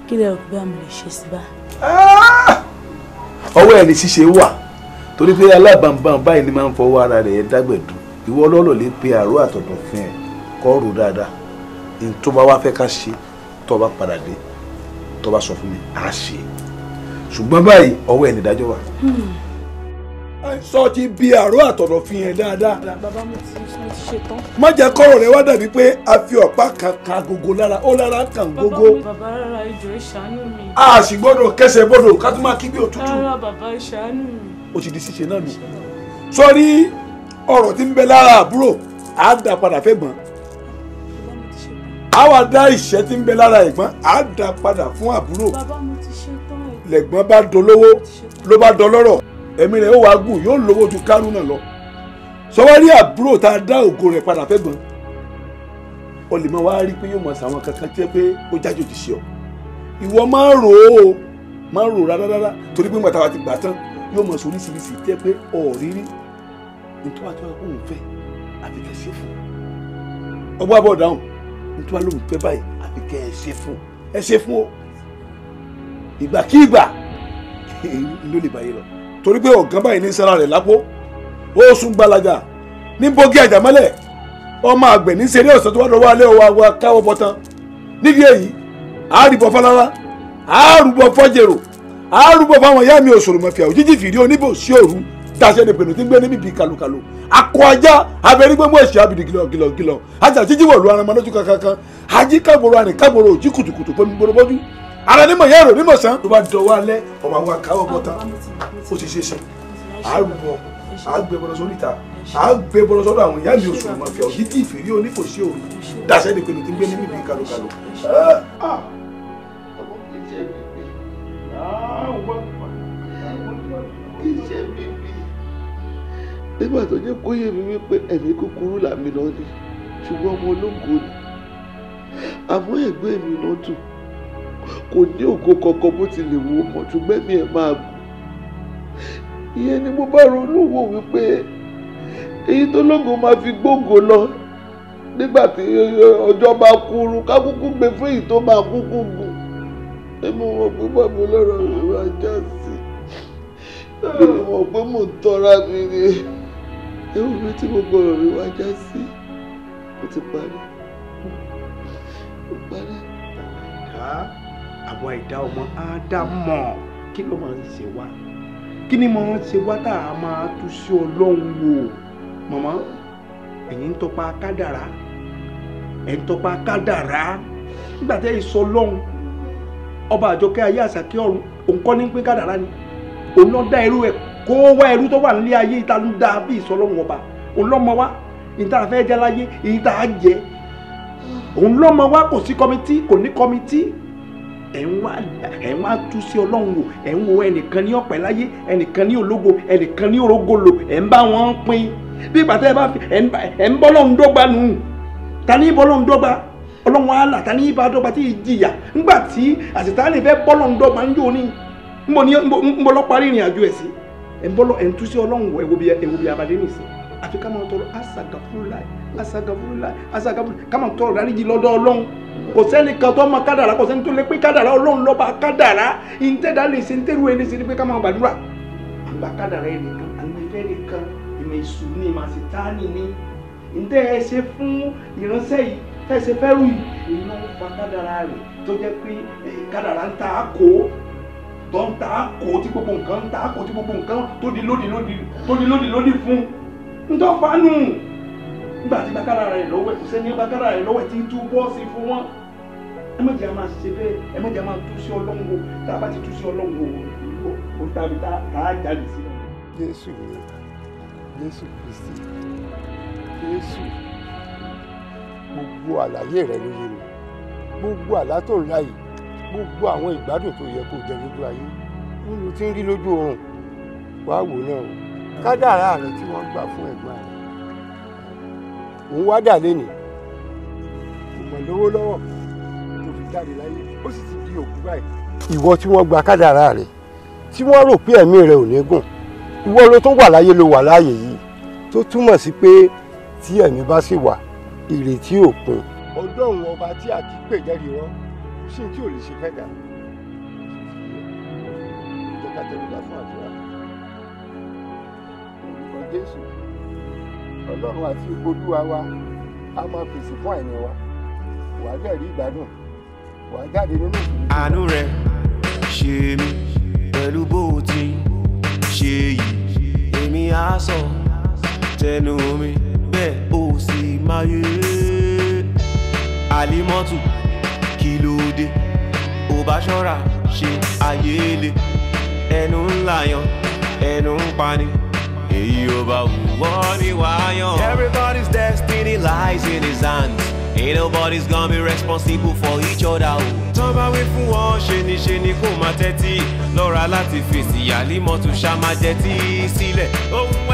kí lè rò pé àmì lè ṣe sí bá. ọwọ́ ẹ̀ ní ṣíṣe wà torí pé alábàǹbà báyìí ni máa ń fọwọ́ ara rẹ̀ dágbẹ̀dùn ìwọ ọlọ́lọ́ lè pe àrò àtọ̀dọ̀ fún ẹ kọ́ rò dáadáa ní tó bá wá fẹ́ ká ṣe tó bá padà dé tó bá sọ fún mi á ṣe ṣùgbọ́n báyìí ọwọ́ ẹ̀ nìdájọ́ wà. Hmm. sọ ti bi àrò àtọ̀dọ̀ fún yẹn dáadáa. má jẹ́ kọ́rọ̀ rẹ wá dàbí pé a fi ọ̀pá kan kan gogo lára ó lára ń gogo. a sì gbọ́dọ̀ kẹsẹ̀ bọ́dọ̀ ká máa kí bí òtútù. rárá ti di ṣíṣe náà nù. sọ́rí ọ̀rọ̀ tí ń bẹ lára àbúrò á dà padà fẹ́gbọ́n á wá dá ìṣẹ́ tí ń bẹ lára ẹ̀gbọ́n á dà padà fún àbúrò lẹ̀gbọ́n bá dolówó ló bá dọlọ́rọ̀ ẹ̀mí rẹ̀ ó wá gùn yóò lówó ju kárùn náà lọ sọwárí àbúrò tá a dá ògo rẹ̀ padà fẹ́gbọ́n o lè máa wá rí pé yóò mọ̀ sàwọn kankan tí ẹ pé ó jájòjì sí ọ ìwọ máa ń rò ó máa rò rárá rárá torí pé ńgbà táwa ti gbà tán yóò mọ̀ sóríṣiríṣi tí ẹ pé ọ̀rírí ntọ́wá tó wà kóhùn fẹ́ àfi kẹ́ ṣe fún un ọgbọ́n àbọ̀ dáhùn ntọ́wá lóhùn fẹ́ báyìí àfi kẹ́ ẹ ṣe fún ẹ ṣe fún o ìgbàkígbà ló lè báyìí lọ torí pé ọ̀gán báyìí ní sára rẹ̀ lápò ó sún gbalaja ní bógí àjàmọ́lẹ̀ ọmọ àgbẹ̀ ní seré ọ̀sán tó wà lọ́wọ́ alẹ́ wa wa káwọ́ bọ́tán nídìí èyí àárìbọ̀ fọlára àárùbọ̀ fọ́jèrò àárùbọ̀ fáwọn ìyá mi òṣòro mọ̀fìà òjijì fìrí oníbòsí òru daṣẹ́ ni pẹ̀lú tí ń gbé níbi bíi kàlùkàlù akọ ajá abẹ́rí gbẹ́mú ẹ̀ṣẹ́ abidi gilọ̀gilọ̀gilọ̀ ajá títí wọ̀lú ara mọ́nọ́jú kankan ají káboro àrìn káboro òjì kùtùkùtù pé mi gbọ́dọ̀ bọ́jú ara nímọ̀ yẹ́rọ nímọ̀ sàn. tó bá dọwọ́ alẹ́ ọmọ àwọn akáwọ̀ bọ́ta ó ti ṣe é ṣe àrùbọ àgbẹ̀bọ̀rọ̀ a ìta àgbẹ̀bọ̀rọ̀ sọ́dọ̀ àwọn ìyá mi oṣù mọ̀fẹ́ òjì tí ìfèrí onífòsí òru daṣẹ́ ni pẹ̀lú tí ń gbé níbi bíi kàlùkàlù. Ah, what? He said, nígbà tó jẹ́ kó yé mi wípé ẹ̀mí kúkúrú làmì lọ ni ṣùgbọ́n ọmọ olóńgbò ni àmọ́ ẹ̀gbẹ́ mi lọ dùn kò ní ògo kankan bó ti lè wo mọ̀ ṣùgbọ́n mi ẹ̀ máa gùn ìyẹn ni mo bá ronú wò wípé èyí tó lógo máa fi gbógo lọ nígbà tí ọjọ́ bá kúrú kákúkú gbé fún èyí tó máa kúkú gùn ẹ mọ̀ pé bàbá ọlọ́run ìrora já sí ẹ mọ̀ mò ń tọ́ra mi ni ewúro tí gbogbo ọ̀rọ̀ mi wá já sí ó ti parí ó parí. àìdá àwọn àìdá ọmọ ádámọ̀ kí ló máa ń ṣe wá kí ni máa ń ṣe wá tá a máa tú sí ọlọ́run wò màmá ẹ̀yin ń tọpa kádàrá ẹ̀ ń tọpa kádàrá nígbà tẹ́ ẹ ọlọ́run ọba àjọkẹ́ ayé àṣà kí ọ̀run òun kọ́ ní pín kádàrá ni òun náà dá irú ẹ̀ kù kó wá ẹrú tó wà nílé ayé ìta ló dáa bí ìsọlọ́run ọba òun lọ́mọ wá ìta fẹ́ jẹ́ láyé ìta jẹ́ òun lọ́mọ wá kò sí kọmití kò ní kọmití ẹ̀ ń wá ẹ̀ ń wá tú sí ọlọ́run wò ẹ̀ ń wo ẹnìkan ní ọ̀pẹ láyé ẹnìkan ní ológo ẹnìkan ní orogolo ẹ̀ ń bá wọn pín bí ìgbà tẹ́ ẹ bá fi ẹ̀ ń bọ́lọ́run dọ́gba nù ta ní bọ́lọ́run dọ́gba ọlọ́run àlà ta ní ibà dọ́gba tí ì jìyà ńgbà tí àṣetánì fẹ́ bọ́lọ́run dọ́gba ń jò ní ń bọ́ lọ́ parí ìrìn àjò ẹ̀ sí ẹ bọ́lọ̀ ẹ̀ ń tú sí ọlọ́run wọ ẹ̀wò bí ẹ̀wò bí abadé nìsín àfi ká máa tọrọ asagafurula asagafurula asagafurula ká máa tọrọ dáríjì lọ́dọ̀ ọlọ́run kò sẹ́ni kan tó mọ kádàrá kò sẹ́ni tó lè pé kádàrá ọlọ́run lọ́ba kádàrá ìǹtẹ̀dá lè ṣe ǹtẹ̀rù ẹ̀ lè ṣe ni pé ká máa gbàdúrà àgbà kádàrá ẹ̀ nìkan àmì ìfẹ́ nìkan ìmọ̀ èṣù ni ìmọ̀ àṣetáàní ni ǹtẹ́ ẹ ṣe fún ìránṣẹ́ yìí tẹ́ ẹ ṣe fẹ́rù yìí ìnáwó fa kádàrá rẹ̀ tó jẹ́ pé eh, kádàrá ń ta àkó tó ń ta kò tí gbogbo nǹkan ń ta kò tí gbogbo nǹkan tó di lódì lódì tó di lódì lódì fún un tó fanú nígbà tí bákàrà rẹ̀ lọ́wọ́ ẹ̀ kò sẹ́ni bákàrà lọ́wọ́ ẹ̀ ti tú bọ́ọ̀sì fún wọn ẹ má jẹ́ máa ṣe bẹ́ẹ̀ ẹ má jẹ́ máa tú sí ọlọ́ngbò tá a bá ti tú sí ọlọ́ngbò ó tàbí tá a jáde sí. Jésù Jésù Kristi Jésù gbogbo àlàyé rẹ ló yé mi gbogbo àlá tó ń la gbogbo àwọn ìgbádùn tó yẹ kó jẹ lójú ayé ń lo ń rí lójú oorun wàá wò náà o kádàrá rẹ tí wọ́n gbà fún ẹ̀gbọ́n rẹ òun wá dà lẹ́nìí kò lówó lọ́wọ́ tó fi jáde láyé ó sì ti di òkú báyìí. ìwọ tí wọ́n gba kádàrá rẹ tí wọ́n rò pé ẹ̀mí rẹ ò ní gùn ìwọ ló tún wà láyé ló wà láàyè yìí tó túmọ̀ sí pé tí ẹ̀mí bá sì wà ìrètí òpin. ọdọ́ òun ọba tí a ti pè jẹ́rìí rán kò sí tí lè ṣe fẹ́dà jẹ́ ká tẹ̀lé fún àdúrà olùkọ́ jésù ọlọ́run àti olúwa wa a máa pèsè fún àìní wa wà á dẹ̀rí ìgbádùn wà á jáde nínú ìlú. àánú rẹ ṣe mí pẹ̀lú bó o ti ṣe yìí èmi á sọ tẹnu mi bẹ́ẹ̀ o sì máa yé alimọ́tù kí ló bá ṣọ́ra ṣe ayé le ẹnu ń làyàn ẹnu ń pani èyí ò bá wù wọ́n ní wáyàn. everybody's destiny lies in his hands ain't nobody's gonna be responsible for each other o. tán bá wí fún wọn ṣe ni ṣe ni kó máa tẹ́tí lọ́ra láti fèsì àlímọ́tò ṣá máa jẹ́ tí sílẹ̀ ohun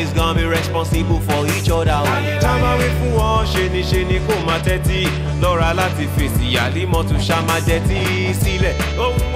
everybody's gonna be responsible for each other. ká máa wí fún wọn ṣe ni ṣe ni kó máa tẹ́tí lọ́ra láti fèsì àlímọ̀tún ṣá máa jẹ́ tí sílẹ̀.